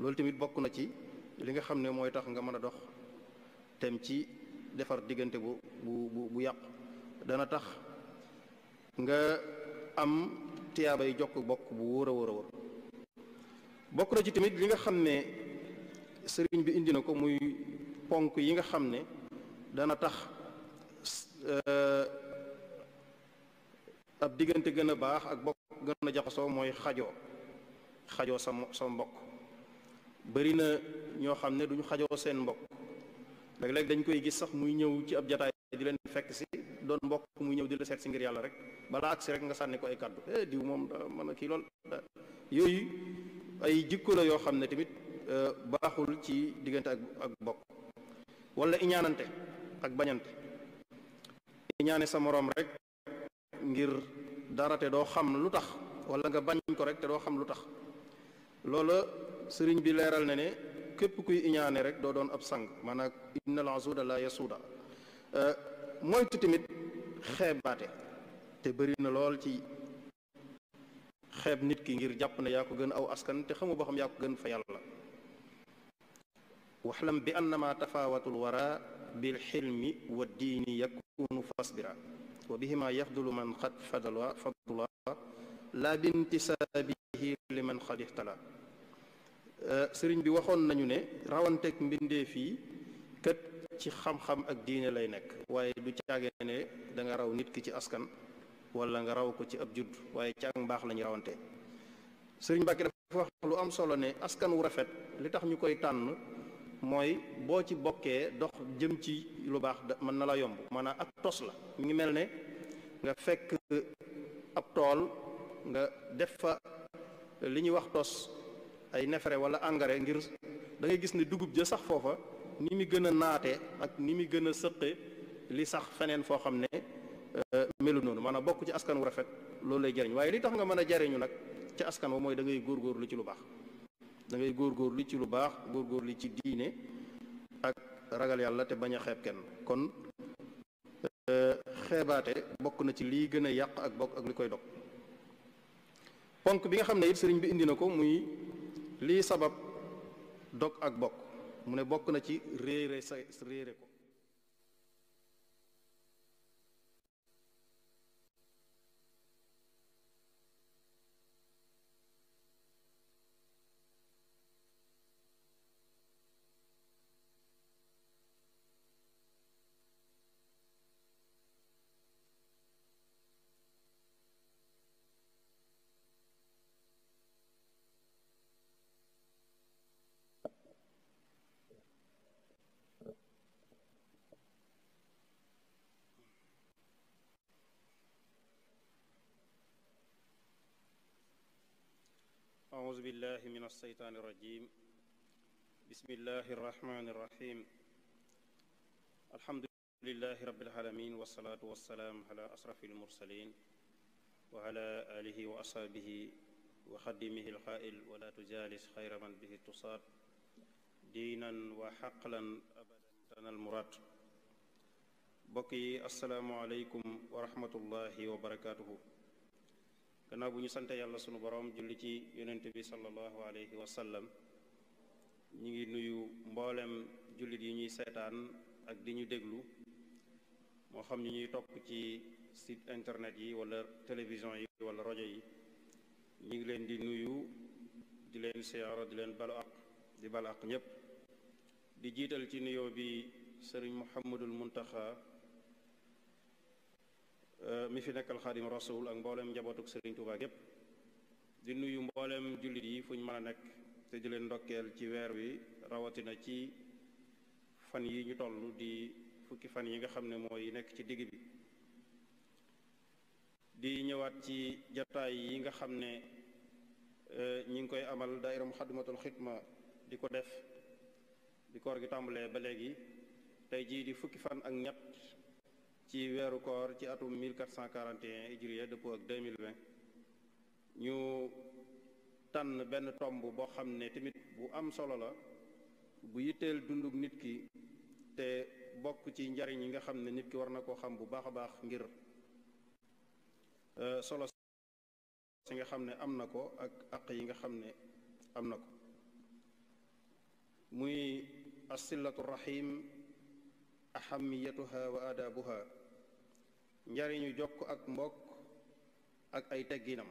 loolu tamit bokk na ci li nga xam ne mooy tax nga mën a dox tem ci defar diggante bu bu bu yàqu dana tax nga am tiyaaba yi jokk bokk bu wóor a wóor a wóor bokk na ci tamit li nga xam ne sëriñ bi indi na ko muy ponk yi nga xam ne dana tax euh, ab diggante gën a baax ak bokk gën a jaxasoo mooy xajoo xajoo sa mbokk bëri na ñoo xam ne duñu xajoo seen mbokk léeg-léeg dañ koy gis sax muy ñëw ci ab jataay di leen fekk si doon mbokk muy ñëw di la seet si ngir yàlla rek balaa agsi rek nga sànni ko ay kàddu eh diw moom da mën a kii lool yooyu ay jikko la yoo xam ne tamit eh, baaxul ci diggante ak bokk wala iñaanante ak bañante iñaane sa moroom rek ngir dara te doo xam lu tax wala nga bañ ko rek te doo xam lu tax loola sëriñ bi leeral na ne képp kuy iñaane rek doo doon ab sang maanaam innal asuuda la yasuuda euh, moytu tamit xeebaate te bëri na lool ci xeeb nit ki ngir jàpp na yaa ko gën aw askan te xamu boo xam yaa ko gën fa yàlla waxlam bi annama tafaawatul wara bil xilmi wa diini yakunu fasbira wa bihima yafdulu man xad fadala fadula laa bintisaabihi liman xad ixtala Euh, sëriñ bi waxoon nañu ne rawanteek mbindeef yi kët ci xam-xam ak diine lay nekk waaye du caage ne danga raw nit ki ci askan walla nga raw ko ci ab judd waaye ci ak mbaax la ñu rawante sëriñ Mbàkke dafa wax lu am solo ne askan wu rafet li tax ñu koy tànn mooy boo ci bokkee dox jëm ci lu baax mën na la yomb maanaam ak tos la mu ngi mel ne nga fekk ab tool nga def fa li ñuy wax tos ay nefere wala engrais ngir da gis ne dugub ja sax foofa ni mi gën a naate ak ni mi gën a sëqe li sax feneen foo xam ne euh, melu noonu a bokk ci askan wu rafet loolu lay jariñ waaye li tax nga mën a jariñu nag ci askan wa mooy dangay ngay góorgóorlu ci lu baax da góor góorgóorlu ci lu baax góor góorgóorlu ci diine ak ragal yàlla te bañ a xeeb kenn kon euh, xeebaate bokk na ci liy gën a yàq ak bokk ak li koy dog ponk bi nga xam ne it sëriñ bi indi na ko muy lii sabab dog ak bokk mu ne bokk na ci réere sa réere ko أعوذ بالله من الشيطان الرجيم بسم الله الرحمن الرحيم الحمد لله رب العالمين والصلاة والسلام على أشرف المرسلين وعلى آله وأصحابه وخدمه القائل ولا تجالس خير من به تصاد diinan wa xaqlan abadan al muraad bokk yi asalaamualeykum wa rahmatullahi wa barakaatuhu gannaaw bu ñu sante yàlla sunu boroom julli ci yonent bi sallallahu alayhi wa sallam ñu ngi nuyu mboolem jullit yi ñuy seetaan ak di ñu déglu moo xam ñu ñuy topp ci site internet yi wala télévision yi wala rajo yi ñu ngi leen di nuyu di leen siyaara di leen balu ak di balu ak ñépp di jiital ci nuyoo bi sëriñ Muhammadul Muntaxa Euh, mi fi nekkal xaadim rasul ak mbooleem njabootuk sëriñ Tuubaa yépp di nuyu mbooleem jullit yi fu ñu mën a nekk te di leen ndokkeel ci weer wi rawatina ci fan yi ñu toll di fukki fan yi nga xam ne mooy nekk ci digg bi di ñëwaat ci jataay yi nga xam ne euh, ñi ngi koy amal daayira Muxaddamatul Xidma di ko def di koor gi tàmbalee ba léegi tey jii di fukki fan ak ñett ci weeru koor ci atum 1441 hijriya dëppoo ak 2020 ñu tànn benn tomb boo xam ne tamit bu am solo la bu yitteel dundug nit ki te bokk ci njariñ yi nga xam ne nit ki war na koo xam bu baax a baax ngir euh, solo si nga xam ne am na ko ak àq yi nga xam ne am na ko muy asilatu rahim ahamiyatuha wa aadabuha njariñu jokk ak mbokk ak ay tegginam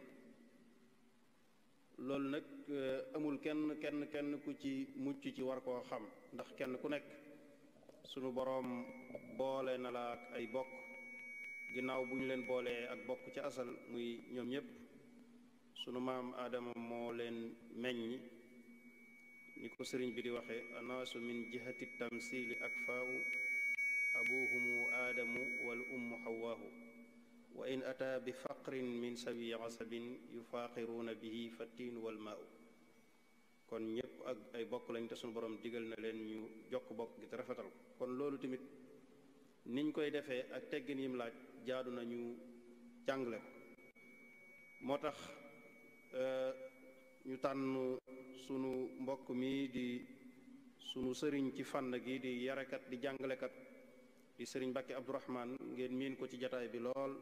loolu nag eh, amul kenn kenn kenn ku ci mucc ci war koo xam ndax kenn ku nekk sunu boroom boole na la ak ay bokk ginnaaw bu ñu leen boolee ak bokk ci asal muy ñoom ñépp sunu maam aadama moo leen meññ ni ko sëriñ bi di waxe anaasu min jihati tamsili ak faw abuhumu aadamu wal ummu xawaahu wa in ataa bi faqrin min sabi asabin yufaaqiruuna bihi fa tiinu wal maau kon ñépp ak ay bokk lañ te suñu borom digal na leen ñu jokk bokk gi te rafetal ko kon loolu tamit niñ koy defee ak teggin yim laaj jaadu nañu jàngle ko moo tax euh, ñu tànn sunu mbokk mi di sunu sëriñ ci fànn gi di yarekat di jàngalekat di sëriñ Mbàkke Abdourahman ngeen miin ko ci jataay bi lool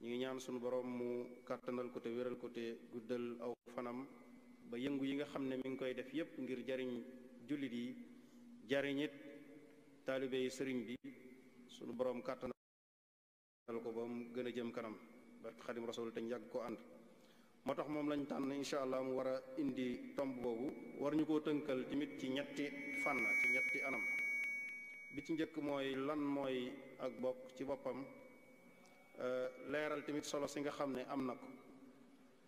ñu ngi ñaan sunu borom mu kàttanal ko te wéral ko te guddal aw fanam ba yëngu yi nga xam ne mi ngi koy def yépp ngir jariñ jullit yi jariñit taalibe yi sëriñ bi sunu borom kàttanal ko ba mu gën a jëm kanam barke xadim rasul te ñu yàgg ko ànd moo tax moom lañ tànn incha allah mu war a indi tomb boobu war ñu koo tënkal tamit ci ñetti fànn ci ñetti anam bi ci njëkk mooy lan mooy ak bokk ci boppam euh, leeral tamit solo si nga xam ne am na ko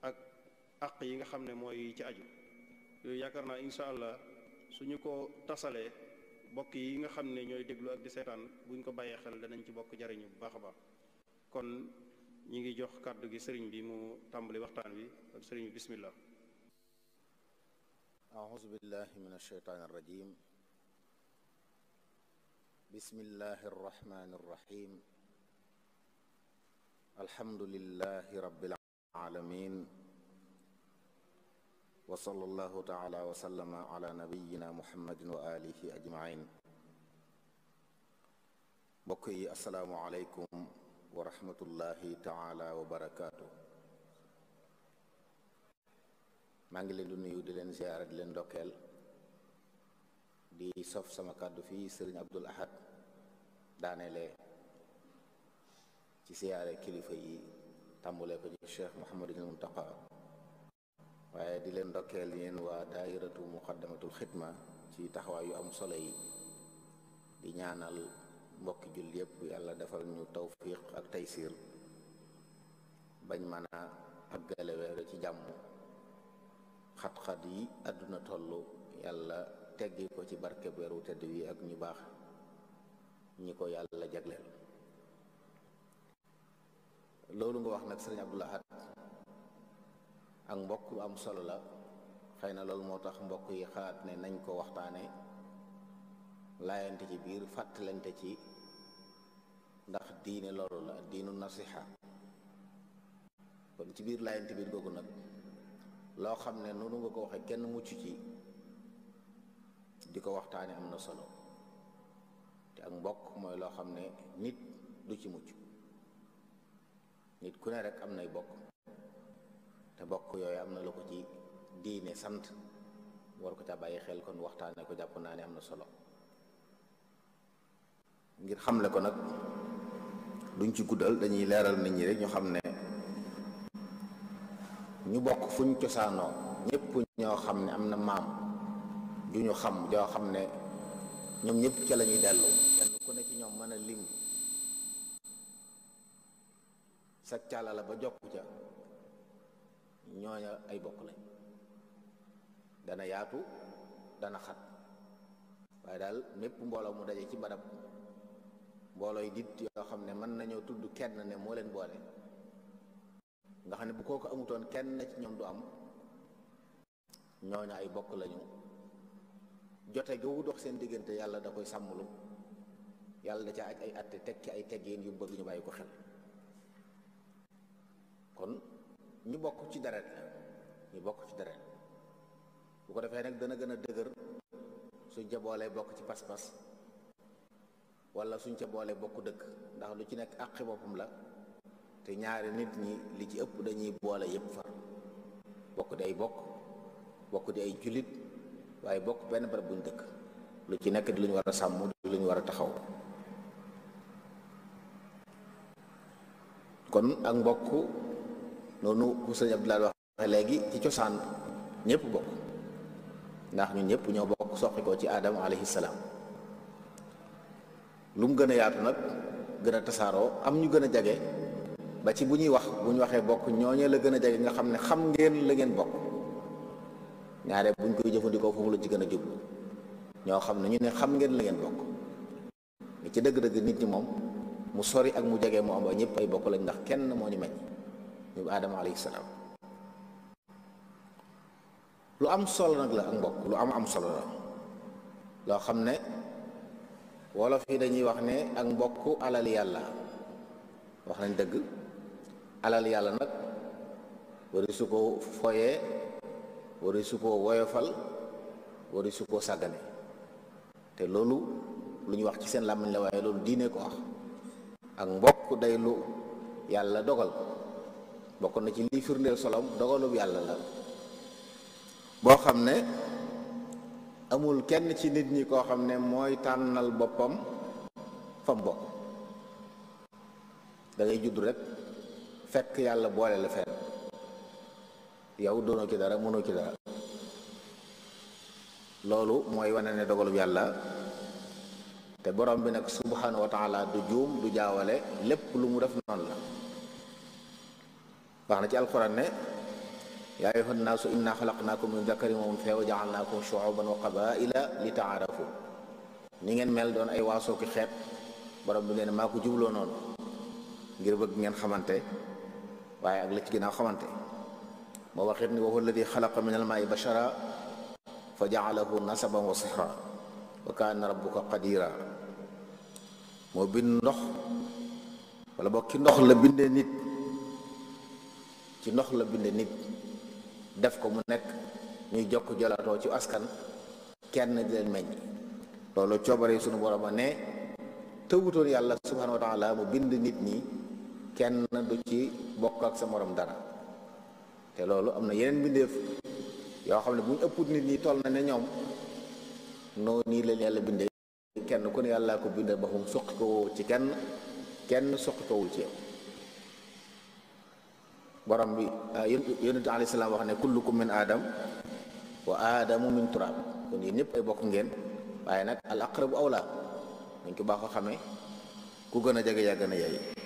ak àq yi nga xam ne mooy ci aju yooyu yaakaar naa incha allah su ñu ko tasalee bokk yi nga xam ne ñooy déglu ak di seetaan buñ ko bàyyee xel danañ ci bokk jariñu bu baax a baax kon ñi ngi jox kàddu gi sëriñ bi mu tàmbali waxtaan wi ak sëriñ bi bismillah aouzu billahi min alsheytaan arrajim بسم الله الرحمن الرحيم الحمد لله رب العالمين وصلى الله تعالى وسلم على نبينا محمد وآله أجمعين بقي السلام عليكم ورحمة الله تعالى وبركاته ما ngi leen di nuyu di leen ziyaara di leen ndokkeel di sof sama kàddu fii sëriñ Abdul Ahad daaneele ci siyaare kilifa yi tàmbulee ko ci Cheikh Mouhamadul Muntaqa waaye di leen ndokkeel yéen waa daairatu muqaddamatul xidma ci taxawaay yu am solo yi di ñaanal mbokki jul yépp yàlla defal ñu tawfiq ak taysiir bañ mën a àggale ci jàmm xat-xat yi àdduna tollu yàlla teggi ko ci barkeb weeru tedd wi ak ñu baax ñi ko yàlla jagleel loolu nga wax nag sëriñ Abdul Ahad ak mbokk lu am solo la xëy na loolu moo tax mbokk yi xalaat ne nañ ko waxtaane laayante ci biir fàttalante ci ndax diine loolu la diinu nasiha kon ci biir laayante biir googu nag loo xam ne noonu nga ko waxe kenn mucc ci di ko waxtaane am na solo te ak mbokk mooy loo xam ne nit du ci mucc nit ku ne rek am nay bokk te bokk yooyu am na lu ko ci diine sant war ko ca bàyyi xel kon waxtaane ko jàpp naa ne am na solo ngir xamle ko nag duñ ci guddal dañuy leeral nit ñi rek ñu xam ne ñu bokk fuñ cosaanoo ñépp ñoo xam ne am na maam ju ñu xam joo xam ne ñoom ñépp ca la ñuy dellu kenn ku ne ci ñoom mën a lim sa càlla la ba jokku ca ñooña ay bokk lañ dana yaatu dana xat waaye daal mépp mbooloo mu daje ci barab mboolooy yi dit yoo xam ne mën nañoo tudd kenn ne moo leen boole nga xam ne bu kooku amutoon kenn ci ñoom du am ñooña ay bokk lañu jote ga wu dox seen diggante yàlla da koy sàmmlu yàlla da ca aj ay atte teg ci ay teggin yu bëgg ñu bàyyi ko xel kon ñu bokk ci deret la ñu bokk ci deret bu ko defee nag dana gën a dëgër suñ ca boolee bokk ci pas-pas wala suñ ca boolee bokk dëkk ndax lu ci nekk àqi boppam la te ñaari nit ñi li ci ëpp dañuy boole yëpp far bokk di ay bokk bokk di ay jullit waaye bokk benn barab ñu dëkk lu ci nekk di lu ñu war a sàmm di lu ñu war a taxaw kon ak mbokk noonu ku sëñ Abdoulaye waxe léegi ci cosaan ñëpp bokk ndax ñu ñëpp ñoo bokk soqi ci aadama alayhi salaam lu mu gën a yaatu nag gën a tasaaroo am ñu gën a jage ba ci bu ñuy wax bu ñu waxee bokk ñooñee la gën a jage nga xam ne xam ngeen la ngeen bokk ñaare buñ koy jëfandikoo foofu la ci gën a jublu ñoo xam ne ñu ne xam ngeen la ngeen bokk mais ci dëgg-dëgg nit ñi moom mu sori ak mu jege mu am ba ñëpp ay bokk lañ ndax kenn moo ñu meññ ñu aadama alayhi salaam lu am solo nag la ak mbokk lu am am solo la loo xam ne wolof yi dañuy wax ne ak mbokk alal yàlla wax nañ dëgg alal yàlla nag wari su ko foyee wari su woyofal wari su sàggane te loolu lu ñu wax ci seen làmmiñ la waaye loolu diine ko wax ak mbokk day lu yàlla dogal bokk na ci lii firndeel solom dogalub yàlla la boo xam ne amul kenn ci nit ñi koo xam ne mooy tànnal boppam fam bokk dangay juddu judd rek fekk yàlla boole la fenn yow doonoo ci dara mënoo ci dara loolu mooy wane ne dogalub yàlla te borom bi nag subhanahu wa taala du juum du jaawale lépp lu mu def noonu la wax na ci alquran ne yaa ayyuha nnaasu inna xalaqnaakum min dakarin wa unsaa wa jaalnaakum shuuban wa qabaila li taarafu ni ngeen mel doon ay waasoo ki xeet borom bi neen maa ko jubloo noonu ngir bëgg ngeen xamante waaye ak la ci ginnaaw xamante ma waxit ni wa huwa alladi xalaqa min almaai bashara fa jaalahu nasaban wa sihra wa kaana rabbuka qadira moo bind ndox wala bokk ci ndox la binde nit ci ndox la binde nit def ko mu nekk ñuy jokk jolaatoo ci askan kenn di leen meññ loolu coobare sunu borom a ne tëwutoon yàlla subhanahu wa mu bind nit ñi kenn du ci bokk ak sa morom dara te loolu am na yeneen bindeef yoo xam ne bu ñu ëpp nit ñi toll na ne ñoom noonu nii leen yàlla bindee kenn ku ne yàlla ko bindee ba xum suqi ko ci kenn kenn suqi kowul ci yow borom bi ah, yonent alayhi salaam wax ne kullukum min aadam wa aadamu min turaab kon yéen ay bokk ngeen waaye nag al aqrabu awla dañ ko baax ko xamee ku gën a jege yaa gën a yey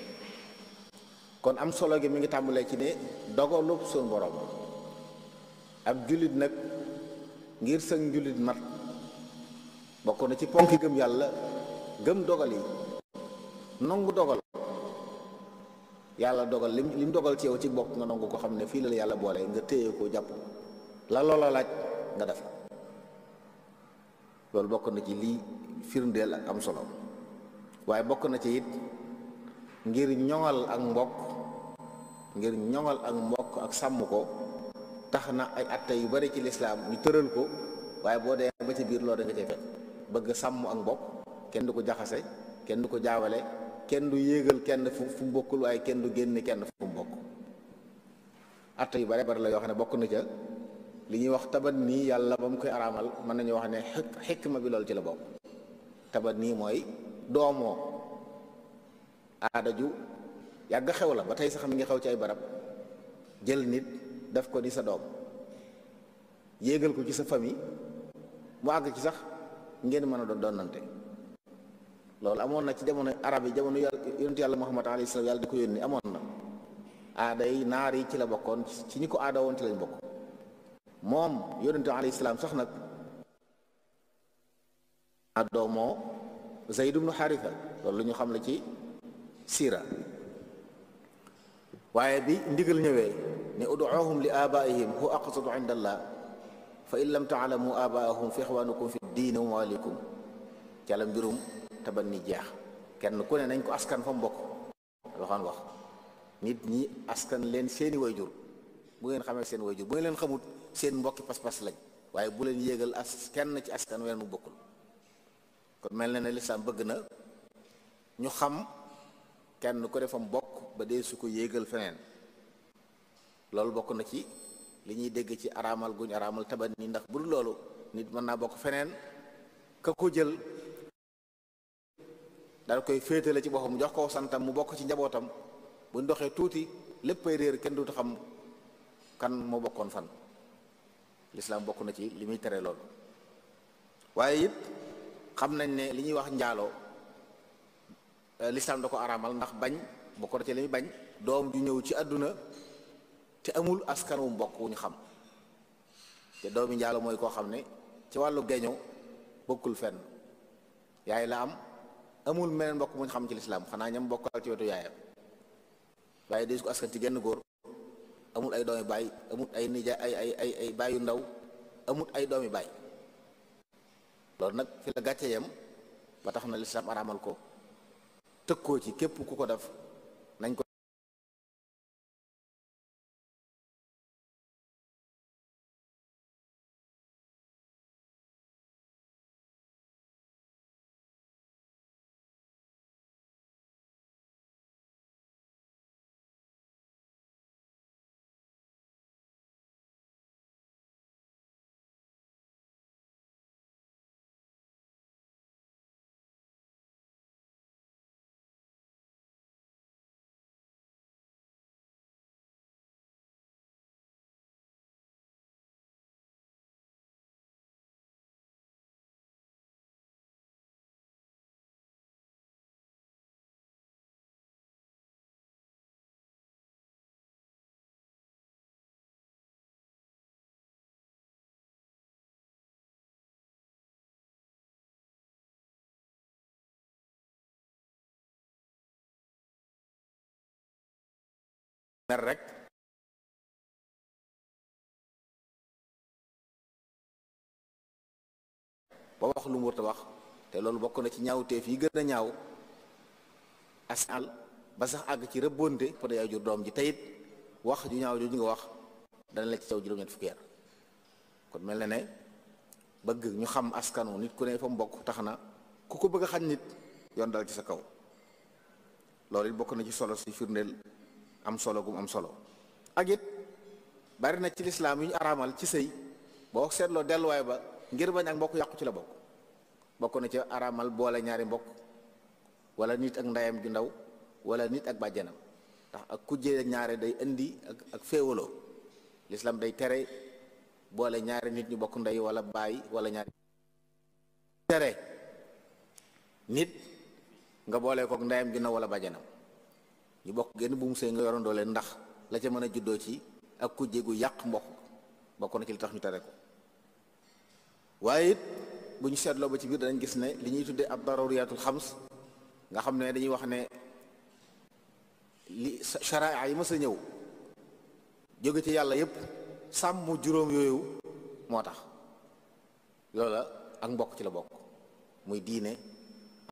kon am solo gi mi ngi tàmbalee ci ne dogalu suñu borom ab jullit nag ngir sëg jullit mat bokk na ci ponki gëm yàlla gëm dogal yi nangu dogal yàlla dogal lim dogal ci yow ci bokk nga nangu ko xam ne fii la yàlla boole nga téye ko jàpp la loola laaj nga def loolu bokk na ci lii firndeel ak am solo waaye bokk na ci it ngir ñoŋal ak mbokk ngir ñoŋal ak mbokk ak sàmm ko tax na ay atte yu bari ci lislaam ñu tëral ko waaye boo dee ba ci biir loolu da nga bëgg sàmm ak mbokk kenn du ko jaxase kenn du ko jaawale kenn du yéegal kenn fu fu bokkul waaye kenn du génne kenn fu mu bokk atte yu bare bari la yoo xam ne bokk na ca li ñuy wax tabat nii yàlla ba mu koy araamal mën nañu wax ne xikma bi loolu ci la bokk tabat nii mooy doomoo aada ju yàgg xew la ba tey sax mi ngi xew ci ay barab jël nit def ko di sa doom yéegal ko ci sa famille mu àgg ci sax ngeen mën a doon doonante loolu amoon na ci jamono arab yi jamono yonentu yàlla muhammad alayhi salaam yàlla di ko yónni amoon na aada yi naar yi ci la bokkoon ci ñi ko aada woon ci lañ bokk moom yonentu alayhi salaam sax nag addoomoo zayd ibnu xaritha loolu lu ñu xam la ci siira waaye bi ndigal ñëwee ne uduuhum li abaihim huwa aqsatu inda allah fa in lam taalamu abaahum fi ixwaanukum fi diine wa mawalikum cala mbirum tabanni jeex kenn ku ne nañ ko askan fa mbokk waxoon wax nit ñi askan leen seeni wayjur bu ngeen xamee seen wayjur bu ngeen leen xamut seen mbokki pas-pas lañ waaye bu leen yéegal as kenn ci askan ween mu bokkul kon mel na ne bëgg na ñu xam kenn ku defam bokk ba dee su ko yéegal feneen loolu bokk na ci li ñuy dégg ci araamal guñ araamal taban nii ndax bu dul loolu nit mën naa bokk feneen ka ko jël dal koy féetale ci mu jox ko santam mu bokk ci njabootam bu ñu doxee tuuti léppay réer kenn duutu xam kan moo bokkoon fan lislaam bokk na ci li muy tere lool waaye it xam nañ ne li ñuy wax njaaloo Euh, lislaam da ko araamal ndax bañ bokk na ci li bañ doom ju ñëw ci àdduna te amul askan wu mbokk wu ñu xam te doomi njaalo mooy koo xam ne ci wàllu geño bokkul fenn yaay la am amul meneen mbokk mu ñu xam ci lislaam xanaa ñam bokkal ci wetu yaayam waaye des ko askan ci genn góor amul ay doomi baay amul ay nijaay ay ay ay yu ndaw amul ay doomi baay loolu nag fi la gàcce yem ba tax na lislaam araamal ko tëkkoo ci képp ku ko def mer rek ba wax lu mu wax te loolu bokk na ci ñaawteef yi gën a ñaaw asal ba sax àgg ci rëbbonte pour yaay jur doom ji teyit wax ju ñaaw ju nga wax dana la ci caw juróom-ñett fukki yar kon mel na ne bëgg ñu xam askanu nit ku ne fa mu bokk tax na ku ko bëgg a xañ nit yoon dal ci sa kaw loolu it bokk na ci solo si firndeel am solo gum am solo ak bari na ci lislaam yu ñu araamal ci sëy boo seetloo delluwaay ba ngir bañ ak mbokk yàqu ci la bokk bokk na ci araamal boole ñaari mbokk wala nit ak ndeyam ju ndaw wala nit ak bàjjanam ndax ak kujjee ñaare day indi ak ak féewaloo lislaam day tere boole ñaari nit ñu bokk ndey wala baay wala ñaari tere nit nga boole kook ndeyam ju ndaw wala bàjjanam ñu bokk génn bu mu sëy nga yorandoo leen ndax la ca mën a juddoo ci ak ku jégu yàq mbokk bokk na ci li tax ñu tere ko waaye it bu ñu seetloo ba ci biir danañ gis ne li ñuy tuddee ab daruriyatul xams nga xam ne dañuy wax ne li sharaa yi mës a ñëw jóge ci yàlla yépp sàmm juróom yooyu moo tax loola ak mbokk ci la bokk muy diine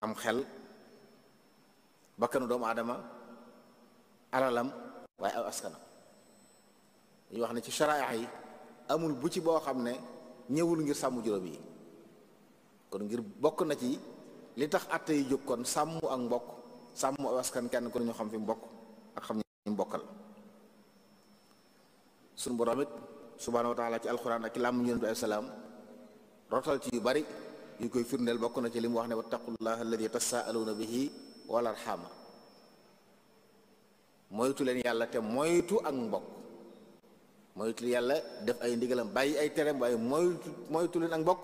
am xel bakkanu doomu aadama alalam waaye aw askanam ñu wax ne ci sharaayax yi amul bu ci boo xam ne ñëwul ngir sàmm juróom yi kon ngir bokk na ci li tax àtte yi jóg kon sàmm ak mbokk sàmm aw askan kenn ku ñu xam fi mbokk ak xam ñu mbokkal suñu borom it ci alquran ak làmm yonent bi ay salaam rotal ci yu bari yu koy firndeel bokk na ci li mu wax ne wattaqullaha alladi tasaaluna bihi wal arxama moytu leen yàlla te moytu ak mbokk moytu yàlla def ay ndigalam bàyyi ay tereem waaye moytu moytu leen ak mbokk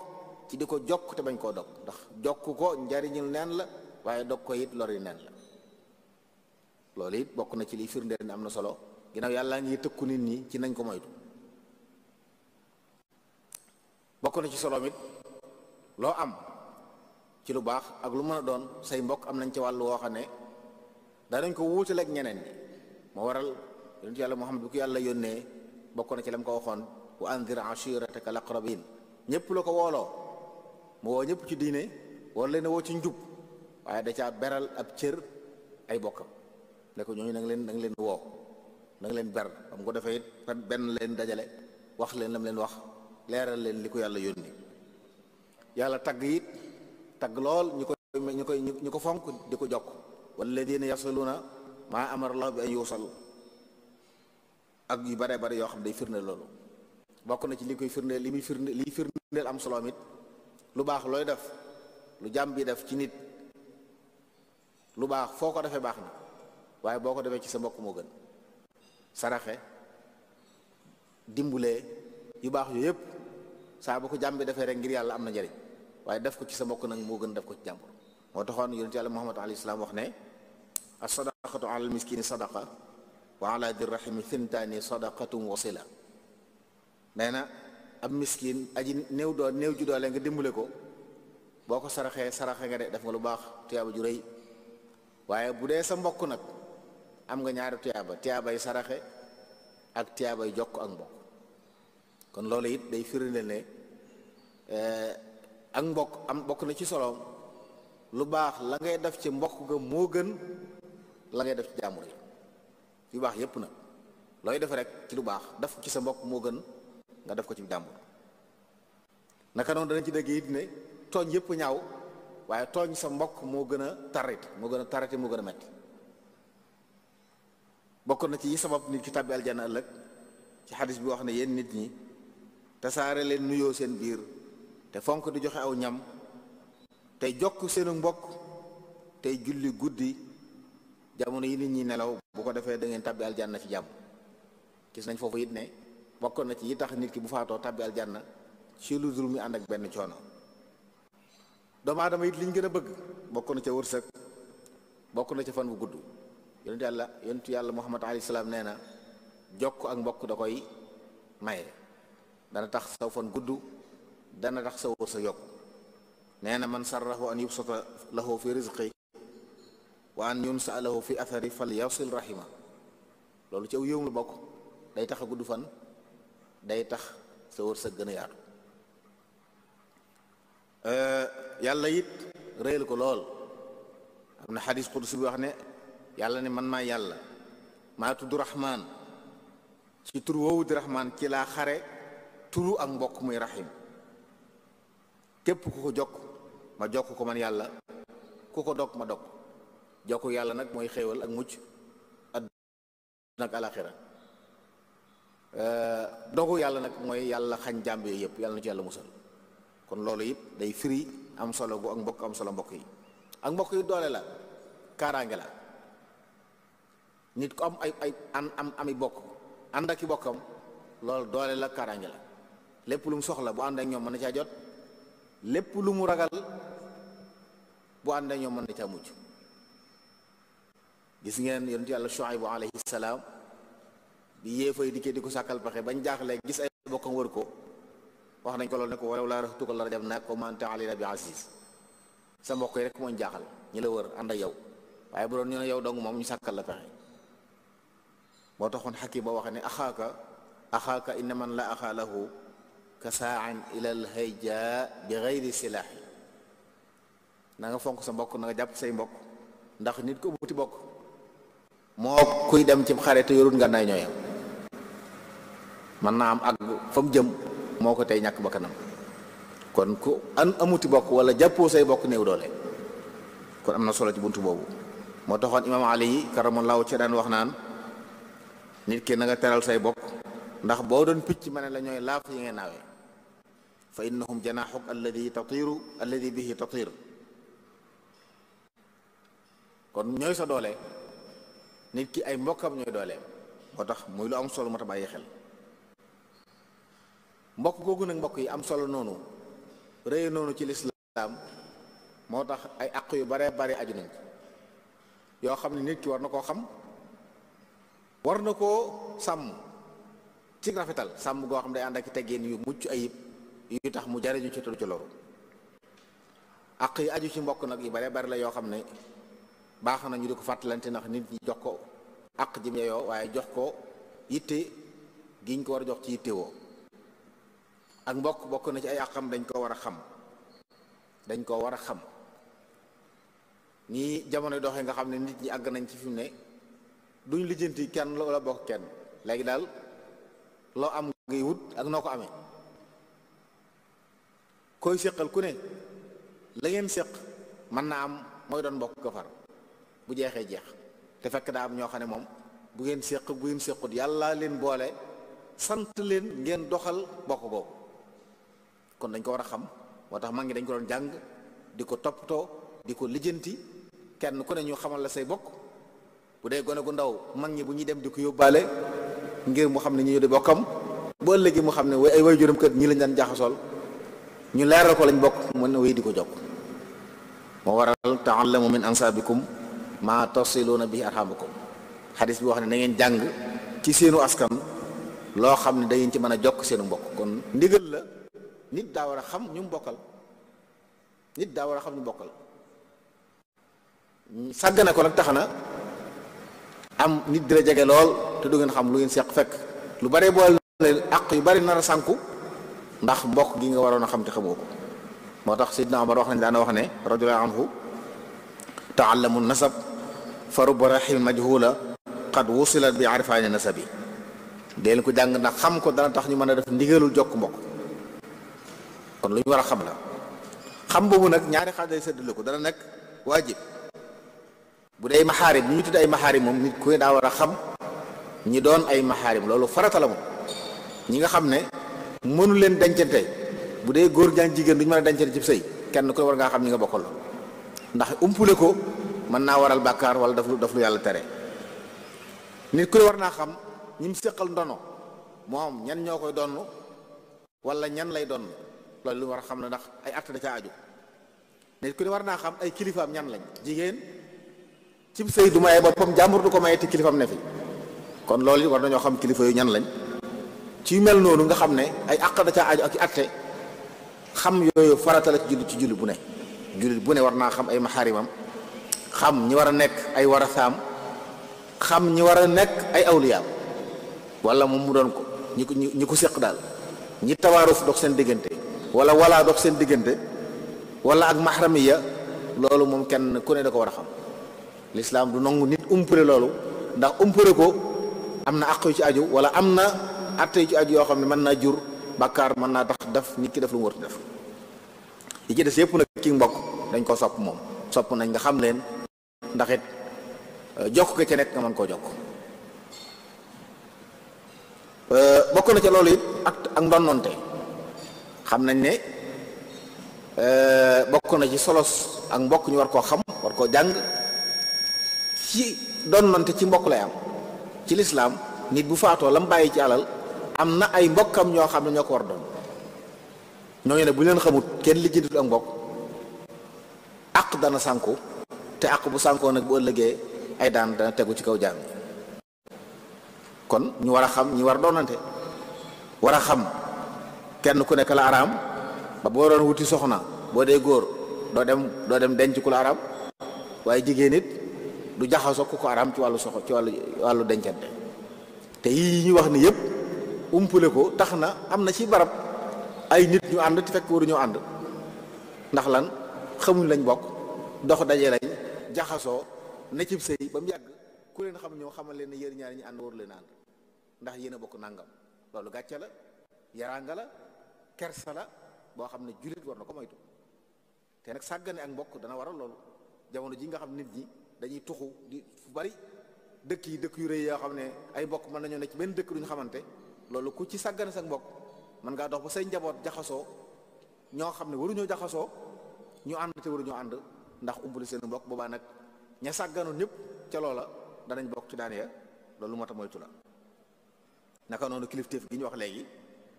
ci di ko jokk te bañ koo dog ndax jokk ko njariñul neen la waaye dog ko it lori neen la loolu it bokk na ci liy firndeel ne am na solo ginnaaw yàlla ngi tëkku nit ñi ci nañ ko moytu bokk na ci soloom it loo am ci lu baax ak lu mën a doon say mbokk am nañ ci wàll woo xam ne danañ ko wuutale ñeneen ñi moo waral yonentu yàlla Muhammad bu ko yàlla yónnee bokk na ci lam ko waxoon wa andir ashirataka alaqrabin ñëpp la ko wooloo mu woo ñëpp ci diine woo leen a woo ci njub waaye da caa beral ab cër ay bokkam ne ñu ñooñu na leen na leen woo na nga leen ber xam ko defee it benn leen dajale wax leen lam leen wax leeral leen li ko yàlla yónni yàlla tagg it tag lool ñu ko ñu koy ñu ko fonk di ko jokk walladina yasaluna maa amara Allah bi ay yuusal ak yu bare bare yoo xam day firndeel loolu bokk na ci li koy firndeel li muy firnde liy am solo lu baax looy def lu jàmbi def ci nit lu baax foo ko defee baax na waaye boo ko defee ci sa mbokk moo gën saraxe dimbulee yu baax yooyu yëpp saa bu ko jàmm bi defee rek ngir yàlla am na njariñ waaye def ko ci sa mbokk nag moo gën def ko ci jàmbur moo taxoon yonent yàlla Muhammad alayhi salaam wax ne asadaqatu alal miskini sadaqa wa ala di rahimi thimtaani sadaqatum wasila nee na ab miskin aji néew doo néew ju doole nga dimbale ko boo ko saraxee saraxe nga de def nga lu baax tuyaaba ju waaye bu dee sa mbokk nag am nga ñaari tuyaaba tuyaabay saraxe ak tuyaabay jokk ak mbokk kon loolu it day firndeel ne eh, ak mbokk am mbokk na ci soloom lu baax langay def ci mbokk ga moo gën la ngay def ci jaamu rek yu baax yépp nag looy def rek ci lu baax def ci sa mbokk moo gën nga def ko ci jàmbur naka noonu danañ ci dégg it ne tooñ yépp ñaaw waaye tooñ sa mbokk moo gën a tarit moo gën a tarite moo gën a metti bokk na ci yi sabab nit ci tàbbi aljana ëllëg ci xadis bi wax ne yéen nit ñi tasaare leen nuyoo seen biir te fonk di joxe aw ñam tey jokk seenu mbokk tey julli guddi jamono yi nit ñi nelaw bu ko defee dangeen ngeen tàbbi na ci jàmm gis nañ foofu it ne bokkoon na ci yi tax nit ki bu faatoo tàbbi na ci lu dul mi ànd ak benn coono doomu aadama it liñ gën a bëgg bokk na ca wërsëg bokk na ca fan bu gudd yonentu yàlla yonentu yàlla muhammad alayhi salaam nee na jokk ak mbokk da koy maye dana tax saw fan gudd dana tax sa wërsëg yokk nee na man sarrahu an yubsata lahu fi rizqi wa an yunsa lahu fi athari fal yasil rahima loolu ci aw yëwum la bokk day tax a gudd fan day tax sa wërsëg gën a yaatu euh, yàlla yit réyal ko lool am na xadis qudsi bi wax ne yàlla ne man maa yàlla maa tudd rahmaan ci tur woowu di rahmaan ci laa xare turu ak mbokk muy rahim képp ku ko jokk ma jokk ko man yàlla ku ko dog ma dog jokku yàlla nag mooy xéewal ak mucc àdduna ak alaxira eh, dogu yàlla nag mooy yàlla xañ jàmb yooyu yëpp yàlla na ci yàlla musal kon loolu it day firi am solo gu mbokk am solo mbokk yi ak mbokk yi doole la kaaraange la nit ku am ay ay ami bokk ànd ak i bokkam loolu doole la kaaraange la lépp lu mu soxla bu ànd ak ñoom mën na caa jot lépp lu mu ragal bu ànd ak ñoom mën na caa mucc gis ngeen yonent yàlla Shuaybu alayhi salaam bi yéefa yi dikkee di ko sàkkal pexe bañ jaaxle gis ay bokkam wër ko wax nañ ko loolu ne ko walaw laa raxtuka la rajamnaak wa maa anta alaynaa bi sa mbokk yi rek mooñ jaaxal ñi la wër ànd ak yow waaye bu doon ñu ne yow dong moom ñu sàkkal la pexe moo taxoon xakim ba waxe ne axaaka axaaka inna man la axaa lahu ka saan ilal hayja bi gayri silaahi na fonk sa mbokk na nga jàpp say mbokk ndax nit ko buti bokk moo kuy dem ci xare te yorut nga nay ñooyam man naa am ak fa jëm moo ko tey ñàkk bakkanam kon ku an amuti bokk wala jàppoo say bokk néew doole kon am na solo ci bunt boobu moo taxoon imaam ali karamallaahu ci daan wax naan nit ki na nga teral say bokk ndax boo doon picc ma ne la ñooy laaf yi ngay naawee fa innahum janaaxuk alladi tatiiru alladi bihi tatiir kon ñooy sa doole nit ki ay mbokkam ñooy dooleem moo tax muy lu am solo moto tax bàyyi xel mbokk googu nag mbokk yi am solo noonu rëy noonu ci lislaam moo tax ay àq yu bare bare aju nañ yoo xam ne nit ki war na koo xam war na koo sàmm ci rafetal sàmm goo xam ne day ànd ak teggin yu mucc ayib yu tax mu jariñu ci tëdd ci loru àq yi aju ci mbokk nag yu bare bare la yoo xam ne baax nañu di ko fàttalante ndax nit ñi jox ko àq jëm yeyoo waaye jox ko yitte giñ ko war a jox ci yitte woo ak mbokk bokk na ci ay àqam dañ ko war a xam dañ ko war a xam nii jamono doxe nga xam ne nit ñi àgg nañ ci fi mu ne duñ lijjanti kenn la bokk kenn léegi daal loo am ngay wut ak noo ko amee koy séqal ku ne la ngeen séq mën naa am mooy doon mbokk ko far bu jeexee jeex te fekk daa am ñoo xam ne moom bu ngeen séq bu ngeen séqut yàlla leen boole sant leen ngeen doxal bokk googu kon dañ ko war a xam moo tax mag ñi dañ ko doon jàng di ko toppatoo di ko lijjanti kenn ku ne ñu xamal la say bokk bu dee gone gu ndaw mag ñi bu ñuy dem di ko yóbbaale ngir mu xam ne ñu di bokkam boo léegi mu xam ne ay way juróom kër ñi lañ daan jaxasool ñu leeral ko lañ bokk mën na wéy di ko jokk moo waral taallamu min maa tasiluuna bihi ko xalis bi wax ne na ngeen jàng ci seenu askan loo xam ne dangeen ci mën a jokk seenu mbokk kon ndigal la nit daa war a xam ñu mbokkal nit daa war a xam ñu mbokkal sàggane ko nag tax na am nit dina jege lool te du ngeen xam lu ngeen seq fekk lu bare boole àq yu bari nar a sànku ndax mbokk gi nga waroon a xam te xamoo ko moo tax Seydina Omar wax nañ daana wax ne radiyallahu anhu taallamu nasab fa ruba rahim majhula qad wusilat bi arifaani nasabi deel ko jàng ndax xam ko dana tax ñu mën a def ndigalul jokk mbokk kon lu ñu war a xam la xam boobu nag ñaari xaaj lay séddale ko dana nekk waajib bu dee maxaarim ñu tudd ay maxaarim moom nit ku ne daa war a xam ñi doon ay maxaarim loolu farata la ñi nga xam ne mënu leen dencante bu dee góor jaan jigéen ñu mën a dencante ci sëy kenn ku ne war ngaa xam ñi nga bokkal ndax umpule ko mën naa waral bàkkaar wala daf lu daf lu yàlla tere nit ku war naa xam ñi mu séqal ndono moom ñan ñoo koy donn wala ñan lay donn loolu lu war a xam ne ndax ay acte da ca aju ne war naa xam ay kilifaam ñan lañ jigéen cib sëy du maye boppam jàmbur du ko maye te kilifaam ne fi kon loolu war nañoo xam kilifa yu ñan lañ ci mel noonu nga xam ne ay àq ca aju ak i atte xam yooyu farata la ci ci julli bu ne jullit bu ne war naa xam ay maxaarimam xam ñi war a nekk ay war a saam xam ñi war a nekk ay awliyaam wala moom mu doon ko ñi ko ñi ko séq daal ñi tawaaruf dox seen diggante wala walaa dox seen diggante wala ak mahramiya loolu moom kenn ku ne da ko war a xam lislaam du nangu nit umpale loolu ndax umpale ko am na àq yu ci aju wala am na àtte yu ci aju yoo xam ne mën naa jur bàkkaar mën naa tax def nit ki def lu mu war def yi ci des yëpp nag ki mbokk dañ koo sopp moom sopp nañ nga xam leen ndax it euh, jokk ko ca nekk nga mën koo jokk euh, bokk na ca loolu yi ak ak ndonnonte xam nañ ne euh, bokk na ci solos ak mbokk ñu war koo xam war koo jàng ci donnonte ci mbokk lay am ci lislaam nit bu faatoo lam bàyyi ci àllal am na ay mbokkam ñoo xam ne ñoo ko war doon ñooñu ne bu leen xamut kenn lijjantiwut ak mbokk àq dana sànku te àq bu sànkoo nag bu ëllëgee ay daan dana tegu ci kaw jaam kon ñu war a xam ñu war a doonante war a xam kenn ku nekk la araam ba boo doon wuti soxna boo dee góor doo dem doo dem denc ku la araam waaye jigéen du jaxasoo ku ko araam ci wàllu soxo ci wàllu wàllu dencante te yii ñu wax ni yëpp umpule ko tax na am na ci barab ay nit ñu ànd te fekk waruñoo ànd ndax lan xamuñ lañ bokk dox daje lay jaxasoo na cib sëy ba mu yàgg ku leen xam ñoo xamal leen ne yéen ñaar ñi ànd war leen ndax yéen bokk nàngam loolu gàcce la yaraanga la kersa la boo xam ne jullit war na ko moytu te nag sàggane ak mbokk dana waral loolu jamono ji nga xam nit ñi dañuy tuxu di bari dëkk yi dëkk yu rëy yoo xam ne ay mbokk mën nañoo ne ci benn dëkk duñu xamante loolu ku ci sàggane sa mbokk mën ngaa dox ba say njaboot jaxasoo ñoo xam ne waruñoo jaxasoo ñu ànd te waruñoo ànd ndax umpale seen mbokk boobaa nag ña sàgganoon ñëpp ca loola danañ bokk ci daan ya loolu moo tax moytu la naka noonu kilifteef gi ñu wax léegi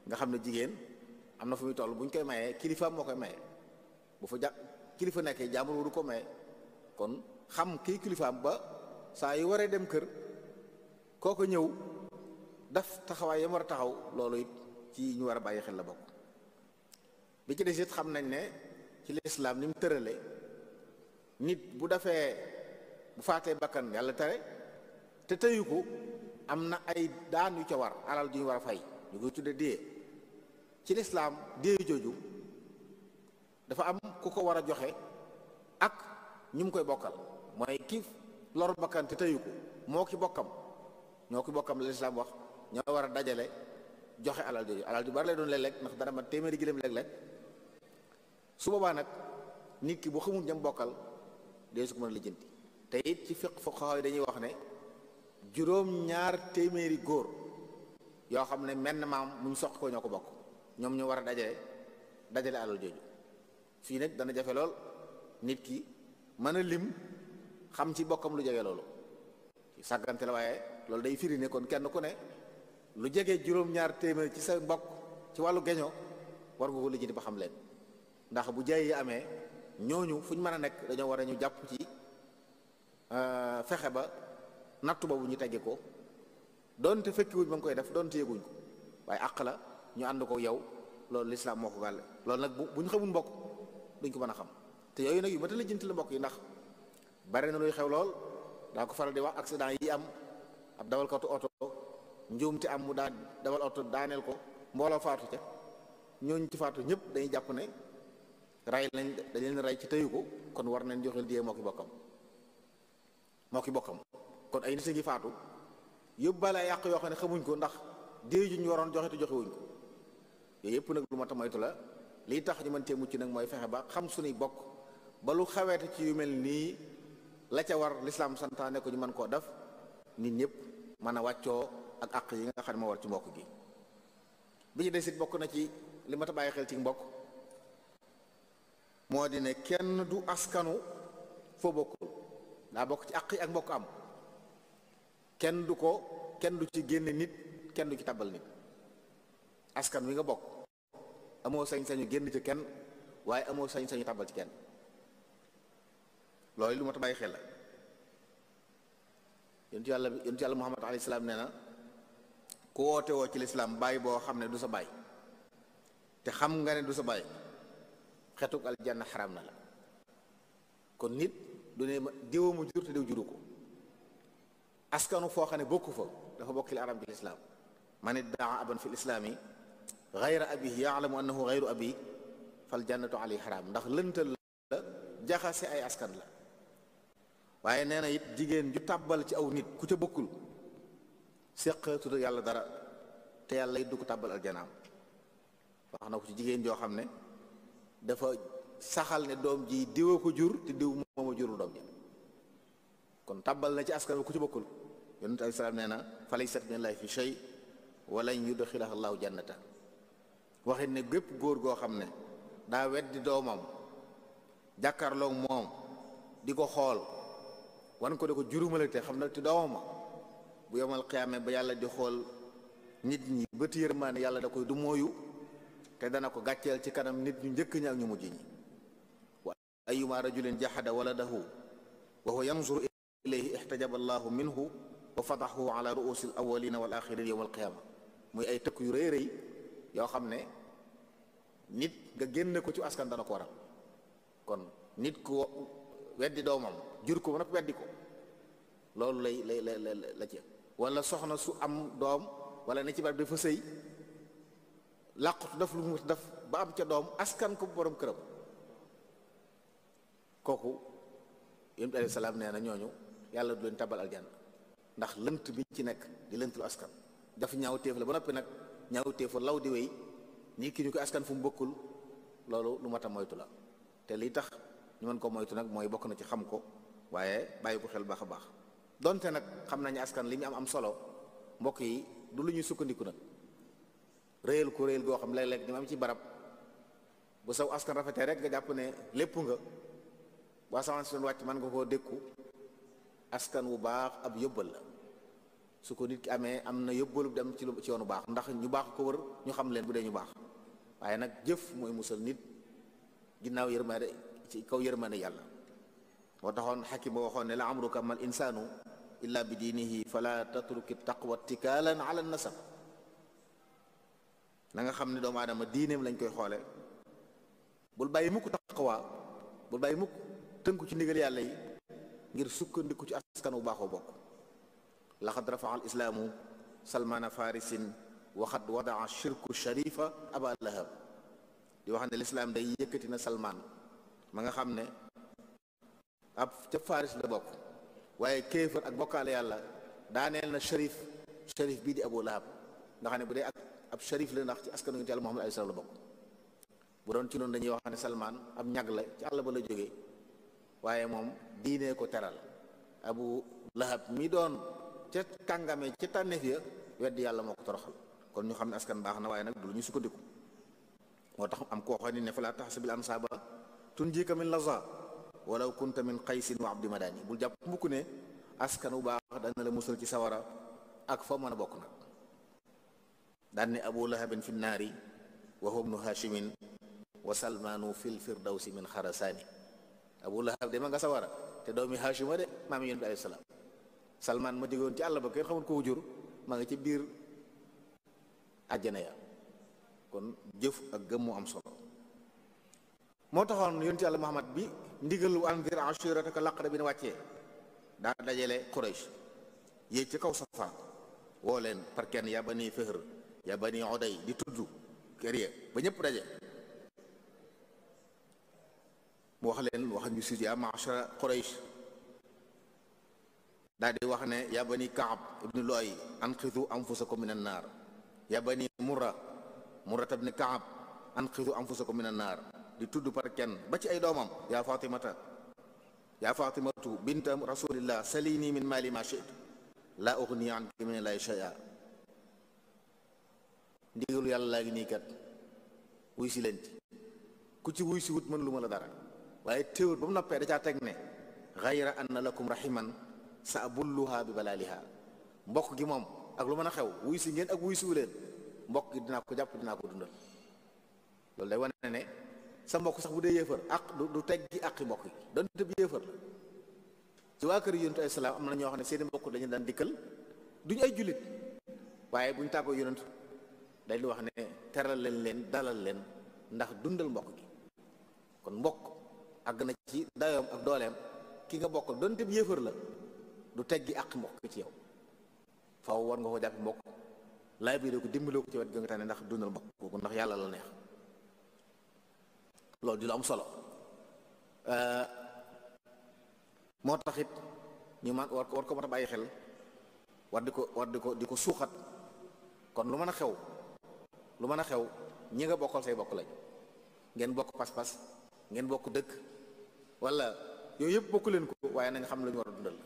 nga xam ne jigéen am na fu muy toll bu ñu koy mayee kilifaam moo koy maye bu fa ja kilifa nekkee jaamur waru ko maye kon xam kii kilifaam ba saa yi waree dem kër kooko ñëw daf taxawaay yam war a taxaw loolu it ci ñu war a bàyyi xel la bokk bi ci des it xam nañ ne ci lislaam ni mu tërale nit bu defee bu faatee bakkan yàlla tere te tëyu am na ay daan yu ca war alal ju war a fay ñu koy tudde di ci lislaam dee jooju dafa am ku ko war a joxe ak ñu mu koy bokkal mooy ki lor bakkan te tëyu ko moo ki bokkam ñoo ki bokkam la lislaam wax ñoo war a dajale joxe alal jooju alal ju bari lay doon léeg-léeg ndax dara ma téeméeri gëléem léeg-léeg su boobaa nag nit ki bu xamul ñam bokkal dee su ko mën a lijjanti te it ci fiq fuqahaa yi dañuy wax ne juróom ñaar téeméeri góor yoo xam ne menn maam muñ soq ko ñoo ko bokk ñoom ñu war a dajale dajale alal jooju fii nag dana jafe lool nit ki mën a lim xam ci bokkam lu jege loolu ci sàggante la waaye loolu day firi ne kon kenn ku ne lu jege juróom-ñaar téeméer ci sa mbokk ci wàllu geño war nga ko lijjanti ba xam leen ndax bu jaay yi amee ñooñu fu ñu mën a nekk dañoo war a ñu jàpp ci euh, fexe ba nattu boobu ñu tegge ko doonte fekkiwuñ ba nga koy def doonte yëguñ waaye àq la ñu ànd ko yow loolu lislaam moo ko gàlle loolu nag bu bu ñu xamul mbokk duñ ko mën a xam te yooyu nag yu mata la jënt la mbokk yi ndax bare na luy xew lool daa ko faral di wax accident yi am ab dawal dawalkatu oto njuumte am mu daan dawal oto daaneel ko mbooloo faatu ca ñooñu ci faatu ñëpp dañuy jàpp ne ray lañ dañ leen ray ci tëyu ko kon war nañ joxel diyee moo ki bokkam moo ki bokkam kon ay nit a ngi faatu yóbbaale ay yàq yoo xam ne xamuñ ko ndax dee ju ñu waroon joxe te joxewuñ ko yooyu yëpp nag lu ma tamaytu la lii tax ñi man cee mucc nag mooy fexe ba xam suñuy bokk ba lu xaweete ci yu mel nii la ca war lislaam santaane ko ñu man koo def nit ñëpp mën a wàccoo ak àq yi nga xam ne moo war ci mbokk gi bi bokk na ci li ma ta bàyyi xel ci mbokk moo di ne kenn du askanu foo bokkul daa bokk ci àq yi ak mbokk am kenn du ko kenn du ci génne nit kenn du ci tabal nit askan wi nga bokk amoo sañ-sañu génn ci kenn waaye amoo sañ-sañu tabal ci kenn loolu lu ma ta bàyyi xel la yontu yàlla yontu yàlla muhammad alayhi salaam nee na ku woote woo ci lislaam baay boo xam ne du sa baay te xam nga ne du sa baay xetuk aljanna xaram na la kon nit du ne ma diwa jur te diw juru ko askanu foo xam ne bokku fa dafa bokk li aram bi lislaam man iddaa aban fi lislaami gayra abihi yaalamu annahu gayru abi fal jannatu alayhi xaram ndax lëntal la jaxase ay askan la waaye neena it jigéen ju tàbbal ci aw nit ku ca bokkul séqatu yàlla dara te yàlla it du ko tàbbal aljanaam wax na ko ci jigéen joo xam ne dafa saxal ne doom ji diw ko jur te diw moom a jurul doom ji kon tàbbal na ci askan wi ku ci bokkul yonent alayhi salaam nee na fa laysat minallaahi fi shay wa lan yudxilaha llaahu jannata waxe ne gépp góor goo xam ne daa wet di doomam jàkkaarloog moom di ko xool wan ko di ko jurumale te xam na te doomam bu yomal xiyaame ba yàlla di xool nit ñi bët yërmaane yàlla da koy du mooyu te dana ko gàcceel ci kanam nit ñu njëkk ñi ak ñu mujj ñi wa ayuma rajulin jahada waladahu wa huwa yanzuru ilayhi ihtajaba allahu minhu wa fataxahu ala ruusi al awalina wal axirin yowm alqiyaama muy ay tëkk yu rëy rëy yoo xam ne nit nga génn ko ci askan dana ko waral kon nit ku weddi doomam jur ko ba weddi ko loolu lay lay la la la ci wala soxna su am doom wala ne ci barab dafa sëy làqutu daf lu mu daf ba am ca doom askan ko boroom këram kooku yonent bi salaam nee na ñooñu yàlla du leen tabal aljanna ndax lënt bi ci nekk di lënt askan daf ñaaw téef la ba noppi nag ñaaw téefa law di wéy nii ki ñu ko askan fu mu loolu lu mat a moytu la te lii tax ñu mën ko moytu nag mooy bokk na ci xam ko waaye bàyyi ko xel baax a baax donte nag xam nañu askan li ñu am am solo mbokk yi du lu sukkandiku nag réyal ko réyal goo xam léeg-léeg ni ma am ci barab bu saw askan rafetee rek nga jàpp ne lépp nga bu asamaan si doon wàcc man nga koo dékku askan wu baax ab yóbbal la su ko nit ki amee am na yóbbalu dem ci ci yoonu baax ndax ñu baax ko wër ñu xam leen bu dee ñu baax waaye nag jëf mooy musal nit ginnaaw yërmande ci kaw yërmande yàlla moo taxoon xakim ba waxoon ne la amruka mal insaanu illa bi diinihi fala tatruki taqwa tikaalan ala nasab na nga xam ne doomu aadama diineem lañ koy xoole bul bàyyi mukk taqwa bul bàyyi mukk tënku ci ndigal yàlla yi ngir sukkandiku ci askan wu baaxoo bokk laxad rafaxa al islaamu salmaana farisin waxad wadaa shirku sharifa aba lahab di wax ne lislaam day yëkkati na salmaan ma nga xam ne ab ca faris la bokk waaye kéefër ak bokkaale yàlla daaneel na sharif sharif bii di abu lahab nga ne bu dee ak ab sharif la ndax ci askanu yonent yàlla Muhammad alayhi salaam la bokk bu doon ci noonu dañuy wax ne Salmaan am ñag la ci àll ba la jógee waaye moom diinee ko teral Abu Lahab mi doon ca kàngame ca tànneef ya weddi yàlla moo ko toroxal kon ñu xam ne askan baax na waaye nag du lu ñu sukkandiku moo tax am koo xam ne fa laa tahsabil ansaaba tunjiika min laza walaw kunta min qaysin di abdi madani bul jàpp mukk ne askan wu baax dana la musal ci sawara ak fa mën a bokk nag daan ne abu lahabin fi naari wa hubnu hashimin wa salmaanu fil firdawsi min xarasaani abu lahab de ma sawara te doomi hashima de maam yonent bi alayhi salmaan ma jógewoon ci àll ba kenn xamul ko jur ma nga ci biir àjjana ya kon jëf ak gëm am solo moo taxoon yonent yàlla muhammad bi ndigal wa anzir ashirataka laqrab bi ne wàccee daa dajale quraysh yéeg ci kaw safaan woo leen par kenn yaa bani fihr ya bani oday di tudd kër ba ñëpp daje mu wax leen wax ñu sid ya machara quraish daal wax ne ya bani kaab ibnu luay anqidu anfusakum min an naar ya bani murra murrat ibni kaab anqidu anfusakum min an naar di tudd par kenn ba ci ay doomam yaa fatimata yaa fatimatu binta rasulillah salini min mali ma shit la ughni anki min shay'a ndigalu yàlla laa ngi nii kat wuy si leen ci ku ci wuy si wut mën lu ma la dara waaye téewut ba mu noppee da caa teg ne xayra anna lakum rahiman sa bulluha bi balaaliha mbokk gi moom ak lu mën a xew wuy si ngeen ak wuy siwu leen mbokk gi dina ko jàpp dina ko dundal loolu day wane ne sa mbokk sax bu dee yéefar ak du du teggi aqi mbokk yi donte bi yéefar la ci waa kër yonentu ay salaam am na ñoo xam ne seeni mbokk dañu daan dikkal duñu ay jullit waaye buñ tàggoo yonentu dañu wax ne teral leen leen dalal leen ndax dundal mbokk gi kon mbokk àgg na ci dayoom ak dooleem ki nga bokk donte bi la du teggi ak mbokk ci yow faw war nga ko jàpp mbokk laay biiree ko dimbaloo ko ci wet gi nga tànne ndax dundal mbokk kooku ndax yàlla la neex loolu di lu am solo euh, moo taxit ñu man war ko war ko mën a bàyyi xel war di ko war di ko di ko suuxat kon lu mën a xew lu mën a xew ñi nga bokkal say bokk lañ ngeen bokk pas-pas ngeen bokk dëkk wala yooyu yëpp bokk leen ko waaye nañ xam lu ñu war a dundal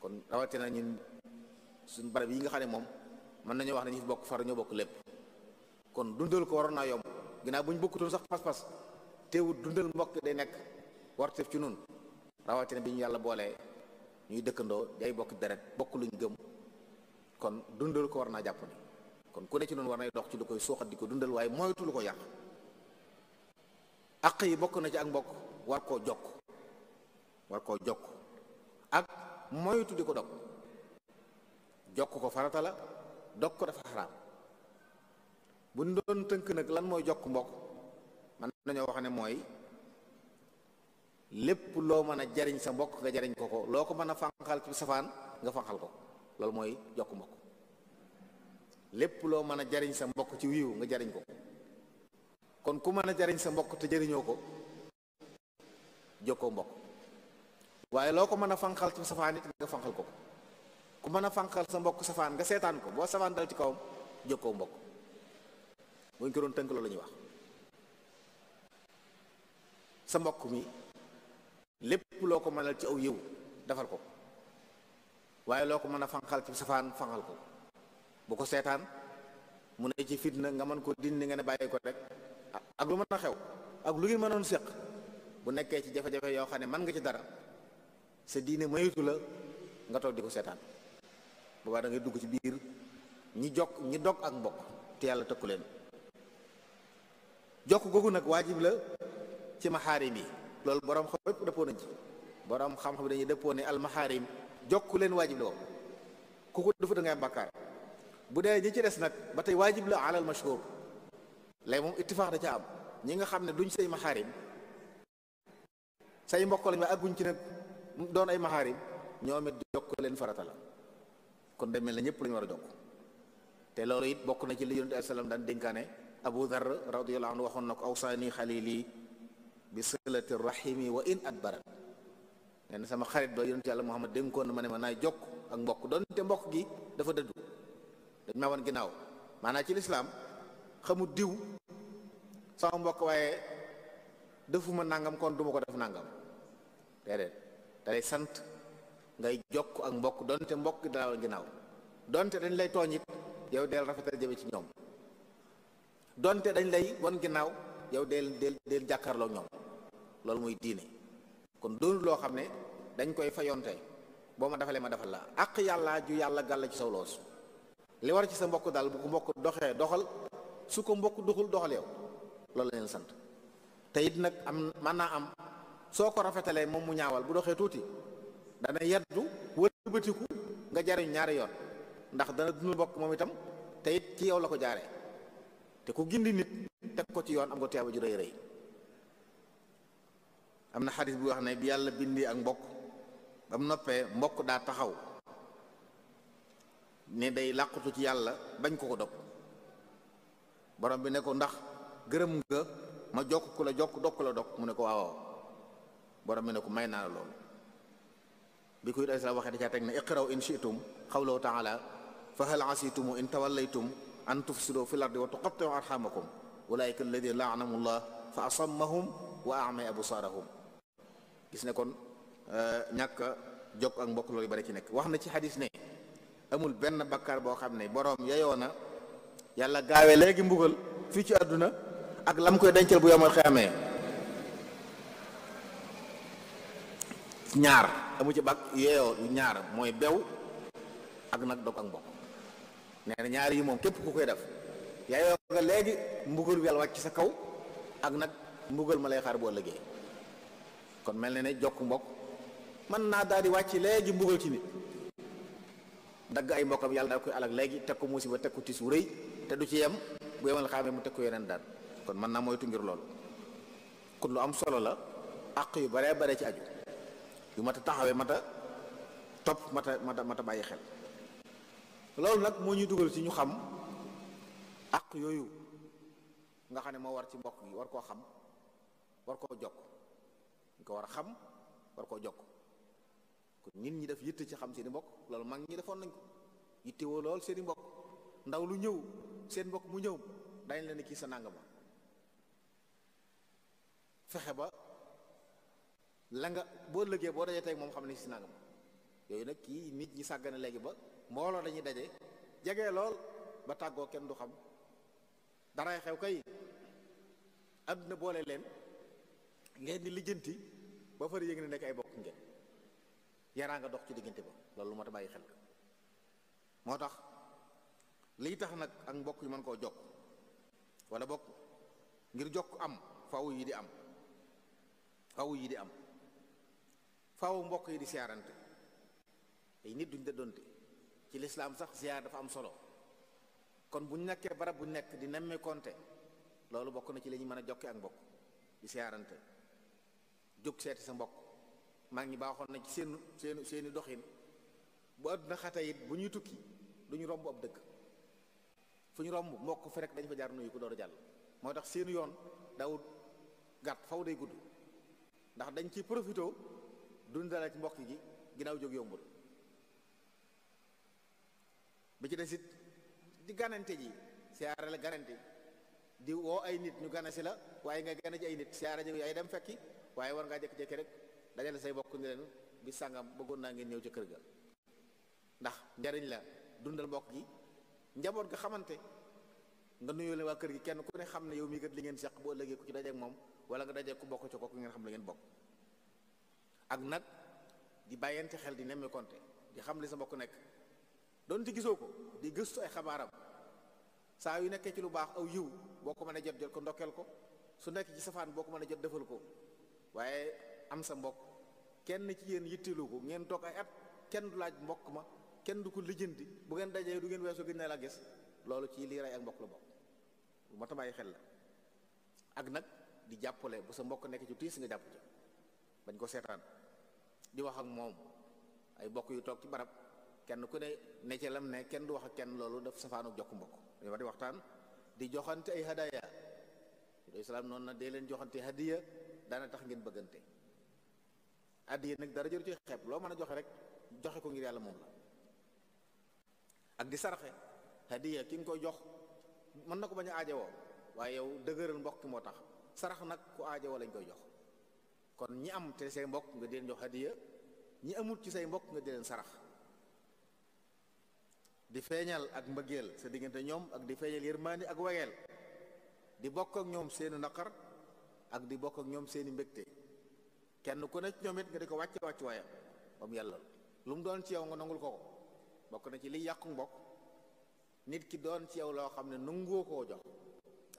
kon rawatina ñun suñ barab yi nga xam ne moom mën nañoo wax ne ñu fi bokk far ñoo bokk lépp kon dundal ko waroon naa yomb ginnaaw bu ñu bokkutoon sax pas-pas teewut dundal mbokk day nekk warteef ci noonu rawatina bi ñu yàlla boolee ñuy dëkkandoo day bokk deret bokk luñ gëm kon dundal ko war naa jàpp kon ku ne ci noonu war nay dox ci lu koy suuxat di ko dundal waaye moytu lu ko yàq yi bokk na ci ak mbokk war koo jokk war koo jokk ak moytu di ko dog jokk ko farata la dog ko dafa xaraam bu ñu doon tënk nag lan mooy jokk mbokk man nañoo wax ne mooy lépp loo mën a jariñ sa mbokk nga jariñ ko ko loo ko mën a fanqal ci safaan nga fanqal ko loolu mooy jokk mbokk lépp loo mën a jariñ sa mbokk ci wiiw nga jariñ ko kon ku mën a jariñ sa mbokk te jariñoo ko jokkoo mbokk waaye loo ko mën a fanqal ci safaan it nga ko ku mën a fanqal sa mbokk safaan nga seetaan ko boo safaan ci kawam jokkoo mbokk buñ ko tënk loolu la wax sa mbokk mi lépp loo ko mënal ci aw yiw defal ko waaye loo ko mën a fanqal ci safaan fanqal ko bu ko seetaan mu ne ci fitna nga mën ko dindi nga ne bàyyi ko rek ak lu mën a xew ak lu ngeen mënoon séq bu nekkee ci jafe-jafe yoo xam ne mën nga ci dara sa diine mayitu la nga toog di ko seetaan boobaa da ngay dugg ci biir ñi jokk ñi dog ak mbokk te yàlla tëkku leen jokk kooku nag waajib la ci maxaarim yi loolu boroom xam yépp nañ ci boroom xam-xam dañuy dëppoo ne almaxaarim jokk leen waajib la ku ko dafa da ngay am bàkkaar bu dee ñi ci des nag ba tey waajib la alal mashhur lay moom ittifaax da ca am ñi nga xam ne duñ say maxaarim say mbokk lañ waaye àgguñ ci nag doon ay maxaarim ñoom it jokk leen farata la kon dem mel na ñëpp la war a jokk te loolu it bokk na ci li yonent salaam daan dénkaane abu dhar radiyallahu anhu waxoon na ko awsaani xalili bi silati rahimi wa in adbarat nee na sama xarit ba yonent yàlla muhammad dénkoon na ma ne ma naay jokk ak mbokk doonte mbokk gi dafa dëddu dañ ma wan ginnaaw maanaam ci lislaam xamu diw sama mbokk waaye defuma nangam kon duma ko def nangam déedéet da lay sant ngay jokk ak mbokk donte mbokk gi dala wan ginnaaw donte dañ lay tooñ it yow deel rafetal jëme ci ñoom donte dañ lay wan ginnaaw yow deel deel deel jàkkaarloo ñoom loolu muy diine kon doonul loo xam ne dañ koy fayonte boo ma defalee ma defal la ak yàlla ju yàlla gàll ci saw li war ci sa mbokk daal bu ko mbokk doxee doxal su ko mbokk doxul doxal yow loolu la leen sant te it nag am mën naa am soo ko rafetalee moom mu ñaawal bu doxee tuuti dana yeddu wëlbatiku nga jariñ ñaari yoon ndax dana dund mbokk moom itam te it ci yow la ko jaare te ku gindi nit teg ko ci yoon am nga teewa ju rëy rëy am na xadis bi wax ne bi yàlla bindi ak mbokk ba mu noppee mbokk daa taxaw ne day làqutu ci yàlla bañ ko ko dog borom bi ne ndax gërëm nga ma jokk la jokk dog ku la dog mu ne ko waaw borom bi ne may naa la loolu bi ko yit aleyhi waxee da caa teg ne iqraw in la qawlahu taala fa hal asitum in tawallaytum an tufsidu fil ardi wa tuqatti'u arhamakum ulaika alladina la'anahumu llah fa asammahum wa a'ma absarahum gis ne kon eh, ñàkk jokk ak mbokk loolu yu bari ci nekk wax na ci xadis ne amul benn bakkar boo xam ne boroom yeyoo na yàlla gaawe léegi mbugal fii ci àdduna ak lam koy dencal bu yomal xeamee ñaar amu ci bak yeyoo ñaar mooy bew ak nag dog ak mbokk nee ñaar yi moom képp ku koy def yeyoo léegi mbugal bi yàlla wàcc sa kaw ak nag mbugal ma lay xaar boo liggéey kon mel na ne jokk mbokk mën naa daal di wàcc léegi mbugal ci nit ndagg ay mbokkam yàlla daal koy alak léegi teg ko musiba teg ko tis wu rëy te du ci yem bu yemal xaamee mu teg ko yeneen daan kon mën naa moytu ngir loolu kon lu am solo la àq yu baree bare ci aju yu mat a taxawee mat a topp mat a mat a bàyyi xel loolu nag moo ñuy dugal ci ñu xam àq yooyu nga xam ne moo war ci mbokk gi war koo xam war koo jokk ñu ko war a xam war koo jokk kon ñun ñi def yitte ci xam seen i mbokk loolu mag ñi defoon nañ ko yitte woo lool seeni i mbokk ndaw lu ñëw seen mbokk mu ñëw dañ leen kii sa nàngama fexe ba la nga boo lëgee boo dajee tey moom xam ne si nàngama yooyu nag kii nit ñi sàggana léegi ba mbooloo dañuy daje jege lool ba tàggoo kenn du xam daray xew kay àdduna boole leen ngeen di lijjanti ba far yëg ne nekk ay bokk ngeen yaraa nga dox ci diggante ba loolu lu ma ta bàyyi xel moo tax lii tax nag ak mbokk yu mën koo jokk wala bokk ngir jokk am fawu yi di am fawu yi di am fawu mbokk yi di siyaarante ay nit duñ dëddoonte ci lislaam sax siyaar dafa am solo kon bu ñu nekkee barab bu nekk di nemme loolu bokk na ci lañuy ñuy mën a jokke ak mbokk di siyaarante jóg seeti sa mbokk mag ñi baaxoon nañ ci seen seenu seeni doxin bu àdduna xata it bu ñuy tukki duñu romb ab dëkk fu ñu romb mbokk fi rek dañ fa jaar nuyu ko door a jàll moo tax seen yoon dawut gàtt faw day gudd ndax dañ ci profité duñ dara ci mbokk gi ginnaaw jóg yombul bi ci desit di ganante ji siyaare la ganante di woo ay nit ñu gane si la waaye nga gane ci ay nit siyaare ji ay dem fekki waaye war ngaa jékki-jékki rek dajale say bokk ni leen bi sàngam bëggoon naa ngeen ñëw ci kër ga ndax njariñ la dundal mbokk gi njaboot ga xamante nga nuyoo leen waa kër gi kenn ku ne xam ne yow mii kat li ngeen seq bu ëllëgee ku ci dajeek moom wala nga dajeek ku bokk ci kooku ngeen xam la ngeen bokk ak nag di bàyyante xel di nemme di xam li sa mbokk nekk doon ci gisoo ko di gëstu ay xabaaram saa yu nekkee ci lu baax aw yiw boo ko mën a jot jot ko ndokkeel ko su nekk ci safaan boo ko jot defal ko am sa mbokk kenn ci yéen yitteelu ko ngeen toog ay at kenn du laaj mbokk ma kenn du ko lijjanti bu ngeen dajee du ngeen weesoo gën na la gis loolu ci lii ak mbokk la bokk lu ma tamaay xel la ak nag di jàppale bu sa mbokk nekk ci tiis nga jàpp ca ko seetaan di wax ak moom ay mbokk yu toog ci barab kenn ku ne ne ca lam ne kenn du wax ak kenn loolu daf safaanu jokk mbokk dañu di waxtaan di joxante ay hadaya islaam noonu na dee leen joxante hadiya daana tax ngeen bëggante addiya nag dara jëru ci xeeb loo mën a joxe rek joxe ko ngir yàlla moom la ak di saraxe hadiya ki nga koy jox mën na ko bañ a aajowoo waaye yow dëgëral mbokk moo tax sarax nag ku aajowoo lañ koy jox kon ñi am te say mbokk nga di leen jox hadiya ñi amul ci say mbokk nga di leen sarax di feeñal ak mbëggeel sa diggante ñoom ak di feeñal yërmaani ak wegeel di bokk ak ñoom seeni naqar ak di bokk ak ñoom seeni mbëgte kenn ku ne ci ñoom it nga di ko wàcce wàccu waayam ba mu yàlla lu mu doon ci yow nga nangul ko ko bokk na ci liy yàqu mbokk nit ki doon ci yow loo xam ne nangoo ko jox